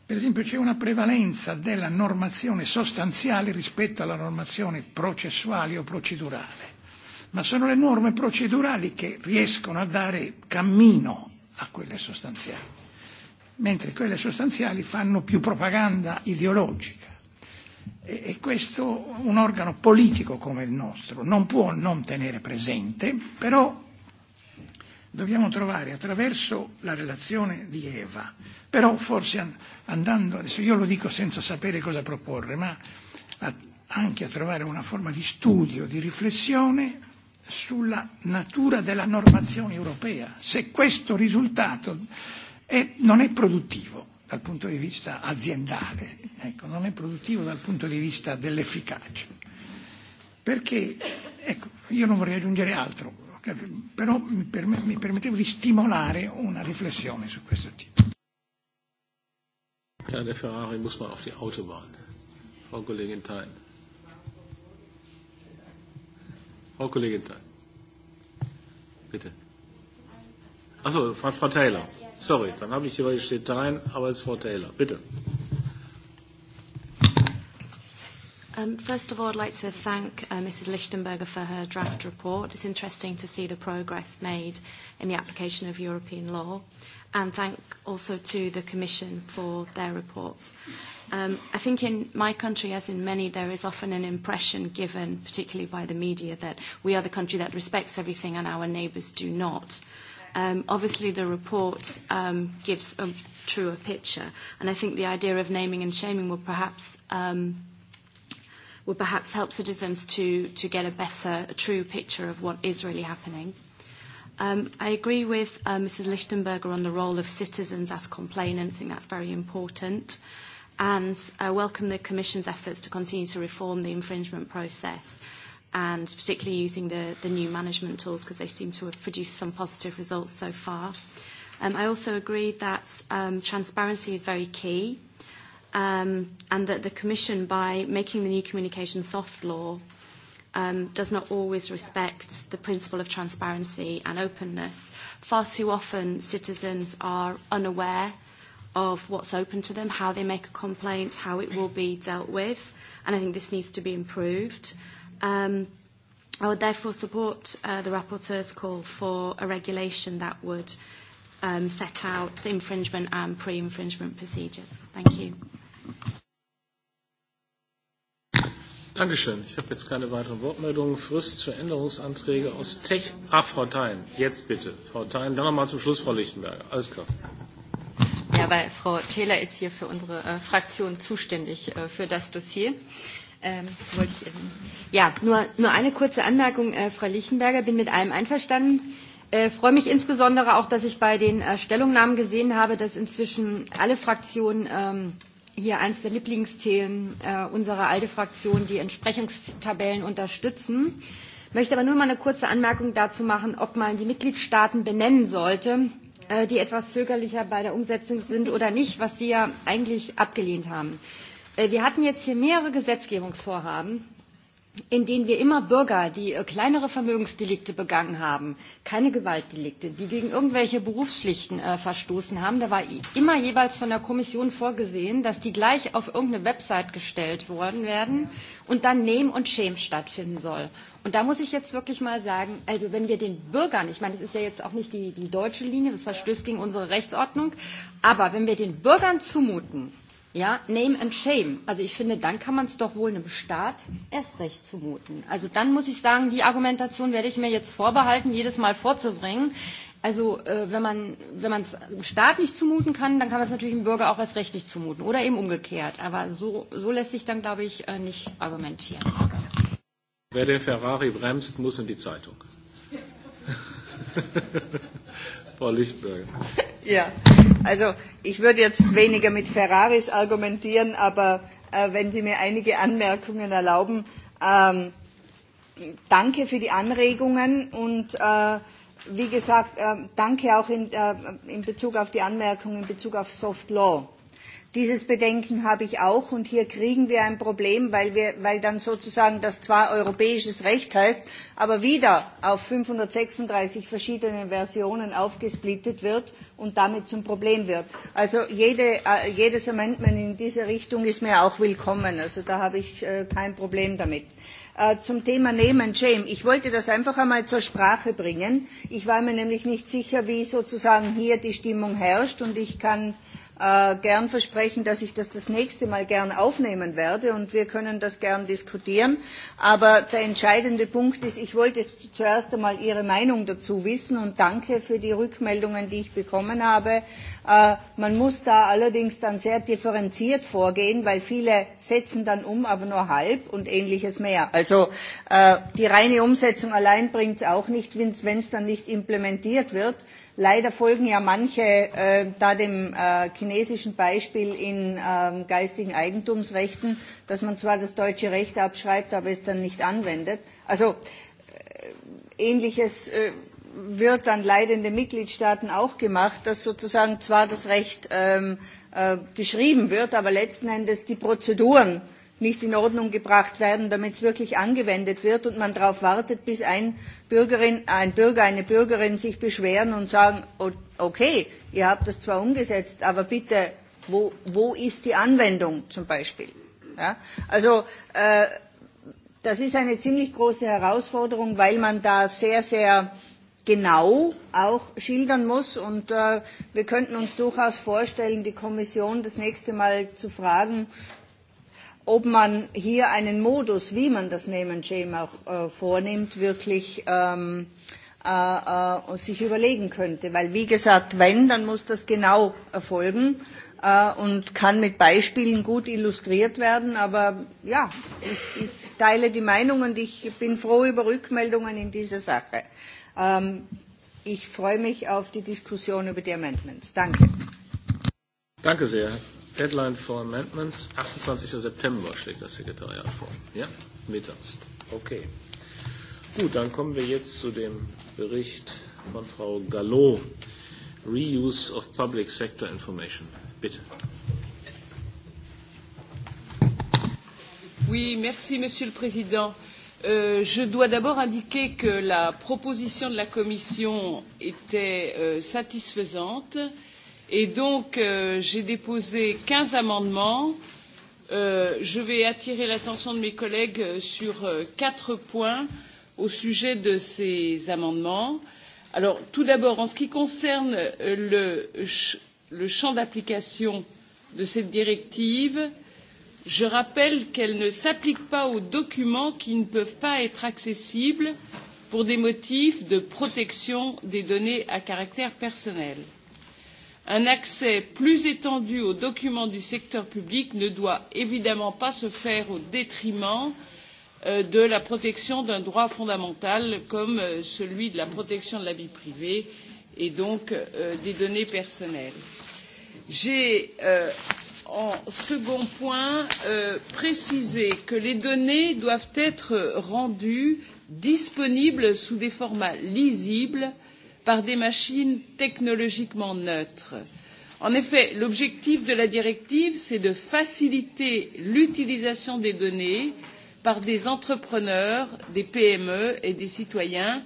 per esempio c'è una prevalenza della normazione sostanziale rispetto alla normazione processuale o procedurale, ma sono le norme procedurali che riescono a dare cammino a quelle sostanziali mentre quelle sostanziali fanno più propaganda ideologica. E, e questo un organo politico come il nostro non può non tenere presente, però dobbiamo trovare attraverso la relazione di Eva, però forse andando, adesso io lo dico senza sapere cosa proporre, ma a, anche a trovare una forma di studio, di riflessione sulla natura della normazione europea. Se questo risultato e non è produttivo dal punto di vista aziendale, ecco, non è produttivo dal punto di vista dell'efficacia. Perché, ecco, io non vorrei aggiungere altro, però mi, perm- mi permettevo di stimolare una riflessione su questo tipo. Ja, der Ferrari muss man auf die Autobahn. Frau Kollegin Thein. Frau Kollegin Thein. Bitte. Achso, Frau, Frau Taylor. Sorry, dann habe ich jeweils Detail, aber es ist Frau Taylor. Bitte. Um, first of all, I'd like to thank uh, Mrs. Lichtenberger for her draft report. It's interesting to see the progress made in the application of European law, and thank also to the Commission for their report. Um, I think in my country, as in many, there is often an impression given, particularly by the media, that we are the country that respects everything and our neighbours do not um, obviously the report um, gives a truer picture. And I think the idea of naming and shaming will perhaps um, will perhaps help citizens to, to get a better, a true picture of what is really happening. Um, I agree with uh, Mrs. Lichtenberger on the role of citizens as complainants. I think that's very important. And I welcome the Commission's efforts to continue to reform the infringement process and particularly using the, the new management tools because they seem to have produced some positive results so far. Um, I also agree that um, transparency is very key um, and that the Commission, by making the new communication soft law, um, does not always respect the principle of transparency and openness. Far too often, citizens are unaware of what's open to them, how they make a complaint, how it will be dealt with, and I think this needs to be improved. Mm-hmm Um, I would therefore support uh, the rapporteur's call for a regulation that would um, set out the infringement and pre-infringement procedures. Thank you. Dankeschön. Ich habe jetzt keine weiteren Wortmeldungen. Frist für Änderungsanträge aus Tech. Ach, Frau Thein, jetzt bitte. Frau Thein, dann nochmal zum Schluss, Frau Lichtenberger. Alles klar. Ja, weil Frau Taylor ist hier für unsere äh, Fraktion zuständig äh, für das Dossier. Ähm, wollte ich, ähm, ja, nur, nur eine kurze Anmerkung, äh, Frau Lichtenberger. Bin mit allem einverstanden. Äh, freue mich insbesondere auch, dass ich bei den äh, Stellungnahmen gesehen habe, dass inzwischen alle Fraktionen ähm, hier eines der Lieblingsthemen äh, unserer ALDE Fraktion die Entsprechungstabellen unterstützen. Möchte aber nur mal eine kurze Anmerkung dazu machen, ob man die Mitgliedstaaten benennen sollte, äh, die etwas zögerlicher bei der Umsetzung sind oder nicht, was Sie ja eigentlich abgelehnt haben. Äh, Äh, wir hatten jetzt hier mehrere Gesetzgebungsvorhaben, in denen wir immer Bürger, die äh, kleinere Vermögensdelikte begangen haben, keine Gewaltdelikte, die gegen irgendwelche Berufspflichten äh, verstoßen haben, da war immer jeweils von der Kommission vorgesehen, dass die gleich auf irgendeine Website gestellt worden werden und dann Name und Shame stattfinden soll. Und da muss ich jetzt wirklich mal sagen, also wenn wir den Bürgern, ich meine, das ist ja jetzt auch nicht die, die deutsche Linie, das verstößt gegen unsere Rechtsordnung, aber wenn wir den Bürgern zumuten, Ja, name and shame. Also ich finde, dann kann man es doch wohl einem Staat erst recht zumuten. Also dann muss ich sagen, die Argumentation werde ich mir jetzt vorbehalten, jedes Mal vorzubringen. Also äh, wenn man es wenn dem Staat nicht zumuten kann, dann kann man es natürlich dem Bürger auch erst recht nicht zumuten oder eben umgekehrt. Aber so, so lässt sich dann, glaube ich, äh, nicht argumentieren. Wer den Ferrari bremst, muss in die Zeitung. Frau Lichtberger. Ja, also ich würde jetzt weniger mit Ferraris argumentieren, aber äh, wenn Sie mir einige Anmerkungen erlauben, ähm, danke für die Anregungen und äh, wie gesagt, äh, danke auch in, äh, in Bezug auf die Anmerkungen in Bezug auf Soft Law Dieses Bedenken habe ich auch und hier kriegen wir ein Problem, weil, wir, weil dann sozusagen das zwar europäisches Recht heißt, aber wieder auf 536 verschiedenen Versionen aufgesplittet wird und damit zum Problem wird. Also jede, äh, jedes Amendment in diese Richtung ist mir auch willkommen. Also da habe ich äh, kein Problem damit. Äh, zum Thema Name and Shame. Ich wollte das einfach einmal zur Sprache bringen. Ich war mir nämlich nicht sicher, wie sozusagen hier die Stimmung herrscht und ich kann Äh, gern versprechen, dass ich das das nächste Mal gern aufnehmen werde und wir können das gern diskutieren. Aber der entscheidende Punkt ist, ich wollte zuerst einmal Ihre Meinung dazu wissen und danke für die Rückmeldungen, die ich bekommen habe. Äh, man muss da allerdings dann sehr differenziert vorgehen, weil viele setzen dann um, aber nur halb und ähnliches mehr. Also äh, die reine Umsetzung allein bringt es auch nicht, wenn es dann nicht implementiert wird Leider folgen ja manche äh, da dem äh, chinesischen Beispiel in äh, geistigen Eigentumsrechten, dass man zwar das deutsche Recht abschreibt, aber es dann nicht anwendet. Also äh, ähnliches äh, wird dann leider in den Mitgliedstaaten auch gemacht, dass sozusagen zwar das Recht ähm, äh, geschrieben wird, aber letzten Endes die Prozeduren äh, nicht in Ordnung gebracht werden, damit es wirklich angewendet wird und man darauf wartet, bis ein, Bürgerin, ein Bürger, eine Bürgerin sich beschweren und sagen, okay, ihr habt das zwar umgesetzt, aber bitte, wo, wo ist die Anwendung zum Beispiel? Ja? Also äh, das ist eine ziemlich große Herausforderung, weil man da sehr, sehr genau auch schildern muss. Und äh, wir könnten uns durchaus vorstellen, die Kommission das nächste Mal zu fragen, ob man hier einen Modus, wie man das Name Shame auch äh, vornimmt, wirklich ähm, äh, äh, sich überlegen könnte. Weil, wie gesagt, wenn, dann muss das genau erfolgen äh, und kann mit Beispielen gut illustriert werden. Aber ja, ich, ich teile die Meinung und ich bin froh über Rückmeldungen in dieser Sache. Ähm, ich freue mich auf die Diskussion über die Amendments. Danke. Danke sehr. Deadline for Amendments, 28. September schlägt das Sekretariat vor. Ja, mittags. Okay. Gut, dann kommen wir jetzt zu dem Bericht von Frau Gallo. Reuse of Public Sector Information. Bitte. Oui, merci, Monsieur le Président. Euh, je dois d'abord indiquer que la proposition de la Commission était euh, satisfaisante. Euh, Et donc, euh, j'ai déposé 15 amendements. Euh, je vais attirer l'attention de mes collègues sur euh, quatre points au sujet de ces amendements. Alors, tout d'abord, en ce qui concerne euh, le, le champ d'application de cette directive, je rappelle qu'elle ne s'applique pas aux documents qui ne peuvent pas être accessibles pour des motifs de protection des données à caractère personnel un accès plus étendu aux documents du secteur public ne doit évidemment pas se faire au détriment euh, de la protection d'un droit fondamental comme euh, celui de la protection de la vie privée et donc euh, des données personnelles. j'ai en second point précisé que les données doivent être rendues disponibles sous des formats lisibles par des machines technologiquement neutres. En effet, l'objectif de la directive, c'est de faciliter l'utilisation des données par des entrepreneurs, des PME et des citoyens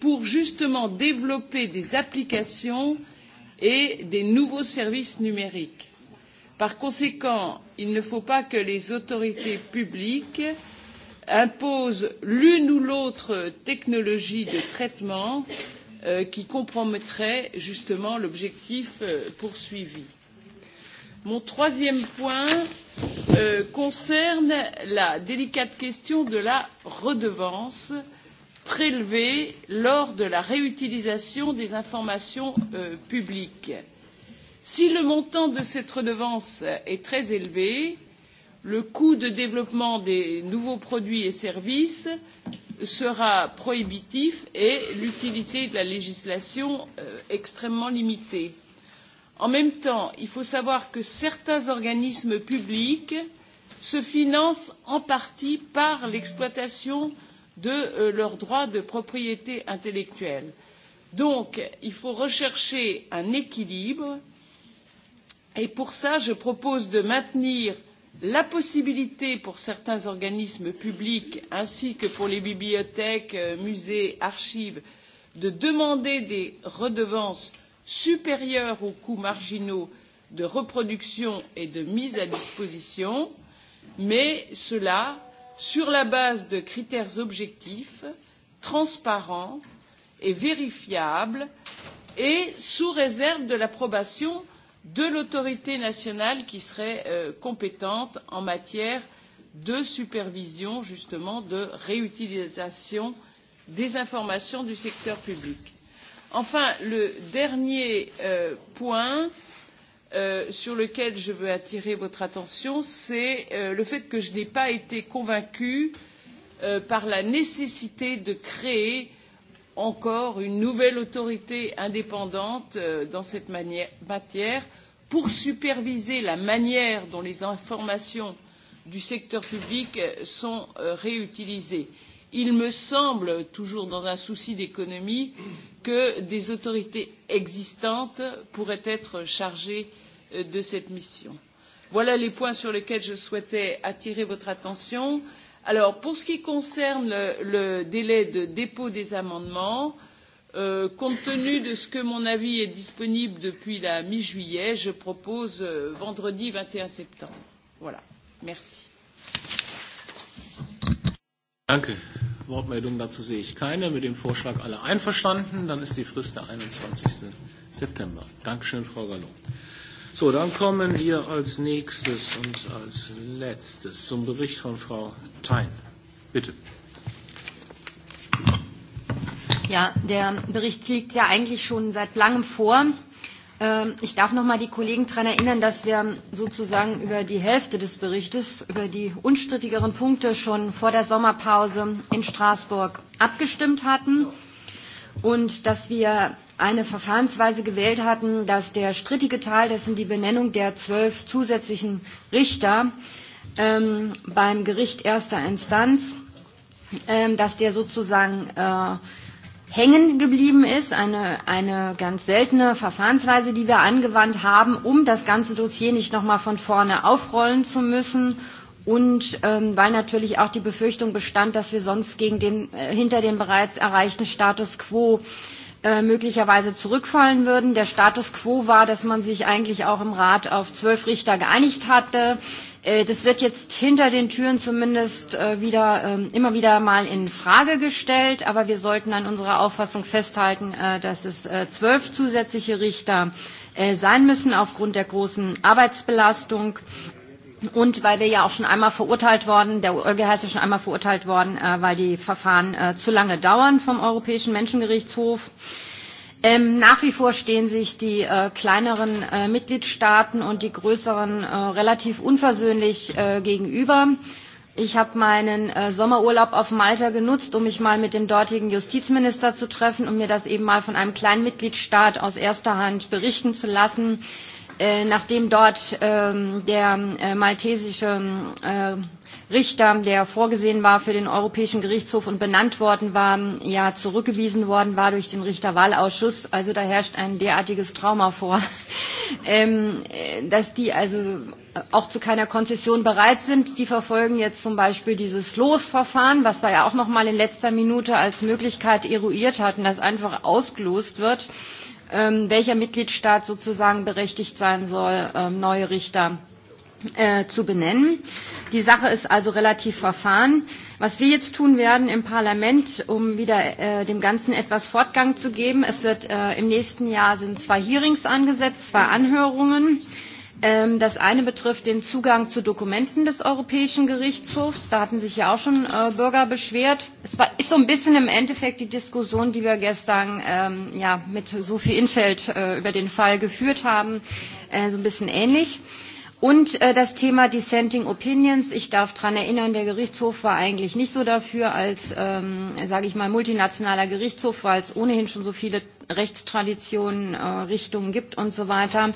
pour justement développer des applications et des nouveaux services numériques. Par conséquent, il ne faut pas que les autorités publiques imposent l'une ou l'autre technologie de traitement Euh, qui compromettrait justement l'objectif euh, poursuivi. Mon troisième point euh, concerne la délicate question de la redevance prélevée lors de la réutilisation des informations euh, publiques. Si le montant de cette redevance est très élevé, euh, le coût de développement des nouveaux produits et services sera prohibitif et l'utilité de la législation euh, extrêmement limitée. en même temps il faut savoir que certains organismes publics se financent en partie par l'exploitation de euh, leurs droits de propriété intellectuelle. donc il faut rechercher un équilibre et pour cela je propose de maintenir euh, la possibilité pour certains organismes publics ainsi que pour les bibliothèques euh, musées archives de demander des redevances supérieures aux coûts marginaux de reproduction et de mise à disposition mais cela sur la base de critères objectifs transparents et vérifiables et sous réserve de l'approbation de l'autorité nationale qui serait euh, compétente en matière de supervision justement de réutilisation des informations du secteur public. enfin le dernier euh, point euh, sur lequel je veux attirer votre attention c'est le fait que je n'ai pas été convaincue par la nécessité de créer encore une nouvelle autorité indépendante euh, dans cette matière pour superviser la manière dont les informations du secteur public euh, sont euh, réutilisées. il me semble toujours dans un souci d'économie que des autorités existantes pourraient être chargées de cette mission. voilà les points sur lesquels je souhaitais attirer votre attention. Alors, pour ce qui concerne le, le délai de dépôt des amendements, euh, compte tenu de ce que mon avis est disponible depuis la mi juillet, je propose euh, vendredi 21 septembre. Voilà. Merci. Danke. Wortmeldungen dazu sehe ich keine. Mit dem Vorschlag alle einverstanden. Dann ist die Frist der 21. September. Dankeschön, Frau Gallo. So, dann kommen wir als nächstes und als letztes zum Bericht von Frau Thein. Bitte. Ja, der Bericht liegt ja eigentlich schon seit langem vor. Ähm, ich darf noch mal die Kollegen daran erinnern, dass wir sozusagen über die Hälfte des Berichtes, über die unstrittigeren Punkte schon vor der Sommerpause in Straßburg abgestimmt hatten. Ja und dass wir eine Verfahrensweise gewählt hatten, dass der strittige Teil, das sind die Benennung der zwölf zusätzlichen Richter ähm, beim Gericht erster Instanz, ähm, dass der sozusagen äh, hängen geblieben ist, eine, eine ganz seltene Verfahrensweise, die wir angewandt haben, um das ganze Dossier nicht nochmal von vorne aufrollen zu müssen und ähm, weil natürlich auch die Befürchtung bestand, dass wir sonst gegen den, äh, hinter den bereits erreichten Status quo äh, möglicherweise zurückfallen würden. Der Status quo war, dass man sich eigentlich auch im Rat auf zwölf Richter geeinigt hatte. Äh, das wird jetzt hinter den Türen zumindest äh, wieder, äh, immer wieder mal in Frage gestellt, aber wir sollten an unserer Auffassung festhalten, äh, dass es äh, zwölf zusätzliche Richter äh, sein müssen aufgrund der großen Arbeitsbelastung. Und weil wir ja auch schon einmal verurteilt worden, der EuGH ist ja schon einmal verurteilt worden, äh, weil die Verfahren äh, zu lange dauern vom Europäischen Menschengerichtshof. Ähm, nach wie vor stehen sich die äh, kleineren äh, Mitgliedstaaten und die größeren äh, relativ unversöhnlich äh, gegenüber. Ich habe meinen äh, Sommerurlaub auf Malta genutzt, um mich mal mit dem dortigen Justizminister zu treffen, und um mir das eben mal von einem kleinen Mitgliedstaat aus erster Hand berichten zu lassen. Äh, Äh, nachdem dort ähm, der äh, maltesische äh, Richter, der vorgesehen war für den Europäischen Gerichtshof und benannt worden war, ja zurückgewiesen worden war durch den Richterwahlausschuss. Also da herrscht ein derartiges Trauma vor, ähm, äh, dass die also auch zu keiner Konzession bereit sind. Die verfolgen jetzt zum Beispiel dieses Losverfahren, was wir ja auch noch mal in letzter Minute als Möglichkeit eruiert hatten, dass einfach ausgelost wird ähm, welcher Mitgliedstaat sozusagen berechtigt sein soll, ähm, neue Richter äh, zu benennen. Die Sache ist also relativ verfahren. Was wir jetzt tun werden im Parlament, um wieder äh, dem Ganzen etwas Fortgang zu geben, es wird äh, im nächsten Jahr sind zwei Hearings angesetzt, zwei Anhörungen. Äh, Ähm, das eine betrifft den Zugang zu Dokumenten des Europäischen Gerichtshofs. Da hatten sich ja auch schon äh, Bürger beschwert. Es war, ist so ein bisschen im Endeffekt die Diskussion, die wir gestern ähm, ja, mit Sophie Infeld äh, über den Fall geführt haben, äh, so ein bisschen ähnlich. Äh, Und äh, das Thema Dissenting Opinions. Ich darf daran erinnern, der Gerichtshof war eigentlich nicht so dafür als, ähm, sage ich mal, multinationaler Gerichtshof, weil es ohnehin schon so viele Rechtstraditionen, äh, Richtungen gibt und so weiter.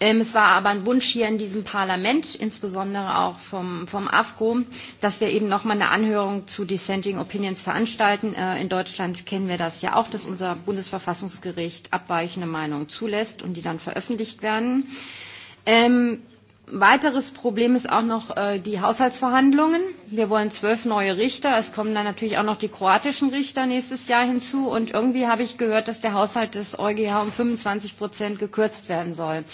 Ähm, es war aber ein Wunsch hier in diesem Parlament, insbesondere auch vom, vom AFCO, dass wir eben nochmal eine Anhörung zu Dissenting Opinions veranstalten. Äh, in Deutschland kennen wir das ja auch, dass unser Bundesverfassungsgericht abweichende Meinungen zulässt und die dann veröffentlicht werden. Ähm, Weiteres Problem ist auch noch äh, die Haushaltsverhandlungen. Wir wollen zwölf neue Richter. Es kommen dann natürlich auch noch die kroatischen Richter nächstes Jahr hinzu. Und irgendwie habe ich gehört, dass der Haushalt des EuGH um 25 Prozent gekürzt werden soll.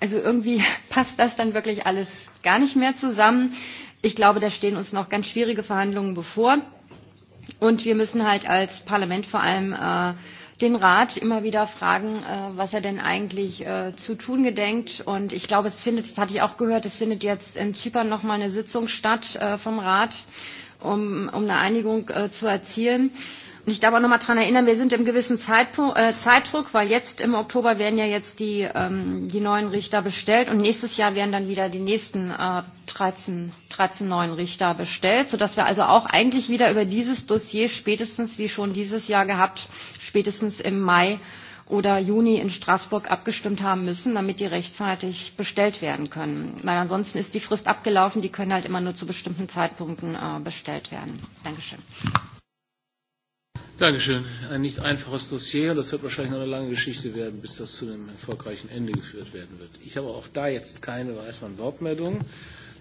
Also irgendwie passt das dann wirklich alles gar nicht mehr zusammen. Ich glaube, da stehen uns noch ganz schwierige Verhandlungen bevor. Und wir müssen halt als Parlament vor allem äh, den Rat immer wieder fragen, äh, was er denn eigentlich äh, zu tun gedenkt. Und ich glaube, es findet, das hatte ich auch gehört, es findet jetzt in Zypern nochmal eine Sitzung statt äh, vom Rat, um, um eine Einigung zu erzielen. Und ich Nicht aber nochmal daran erinnern, wir sind im gewissen Zeitpunkt, äh, Zeitdruck, weil jetzt im Oktober werden ja jetzt die, ähm, die neuen Richter bestellt und nächstes Jahr werden dann wieder die nächsten äh, 13, 13 neuen Richter bestellt, sodass wir also auch eigentlich wieder über dieses Dossier spätestens, wie schon dieses Jahr gehabt, spätestens im Mai oder Juni in Straßburg abgestimmt haben müssen, damit die rechtzeitig bestellt werden können. Weil ansonsten ist die Frist abgelaufen, die können halt immer nur zu bestimmten Zeitpunkten äh, bestellt werden. Dankeschön. Dankeschön. Ein nicht einfaches Dossier und das wird wahrscheinlich noch eine lange Geschichte werden, bis das zu einem erfolgreichen Ende geführt werden wird. Ich habe auch da jetzt keine weiteren Wortmeldungen.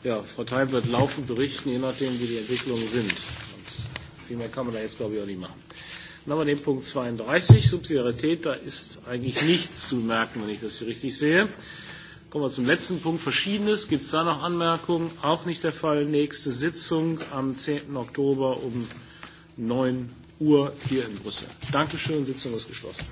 Ja, Frau Thein wird laufend berichten, je nachdem, wie die Entwicklungen sind. Und viel mehr kann man da jetzt, glaube ich, auch nicht machen. Dann haben wir den Punkt 32, Subsidiarität. Da ist eigentlich nichts zu merken, wenn ich das hier richtig sehe. Kommen wir zum letzten Punkt. Verschiedenes. Gibt es da noch Anmerkungen? Auch nicht der Fall. Nächste Sitzung am 10. Oktober um 9 Uhr. Uhr hier in Brüssel. Dankeschön, Sitzung ist geschlossen.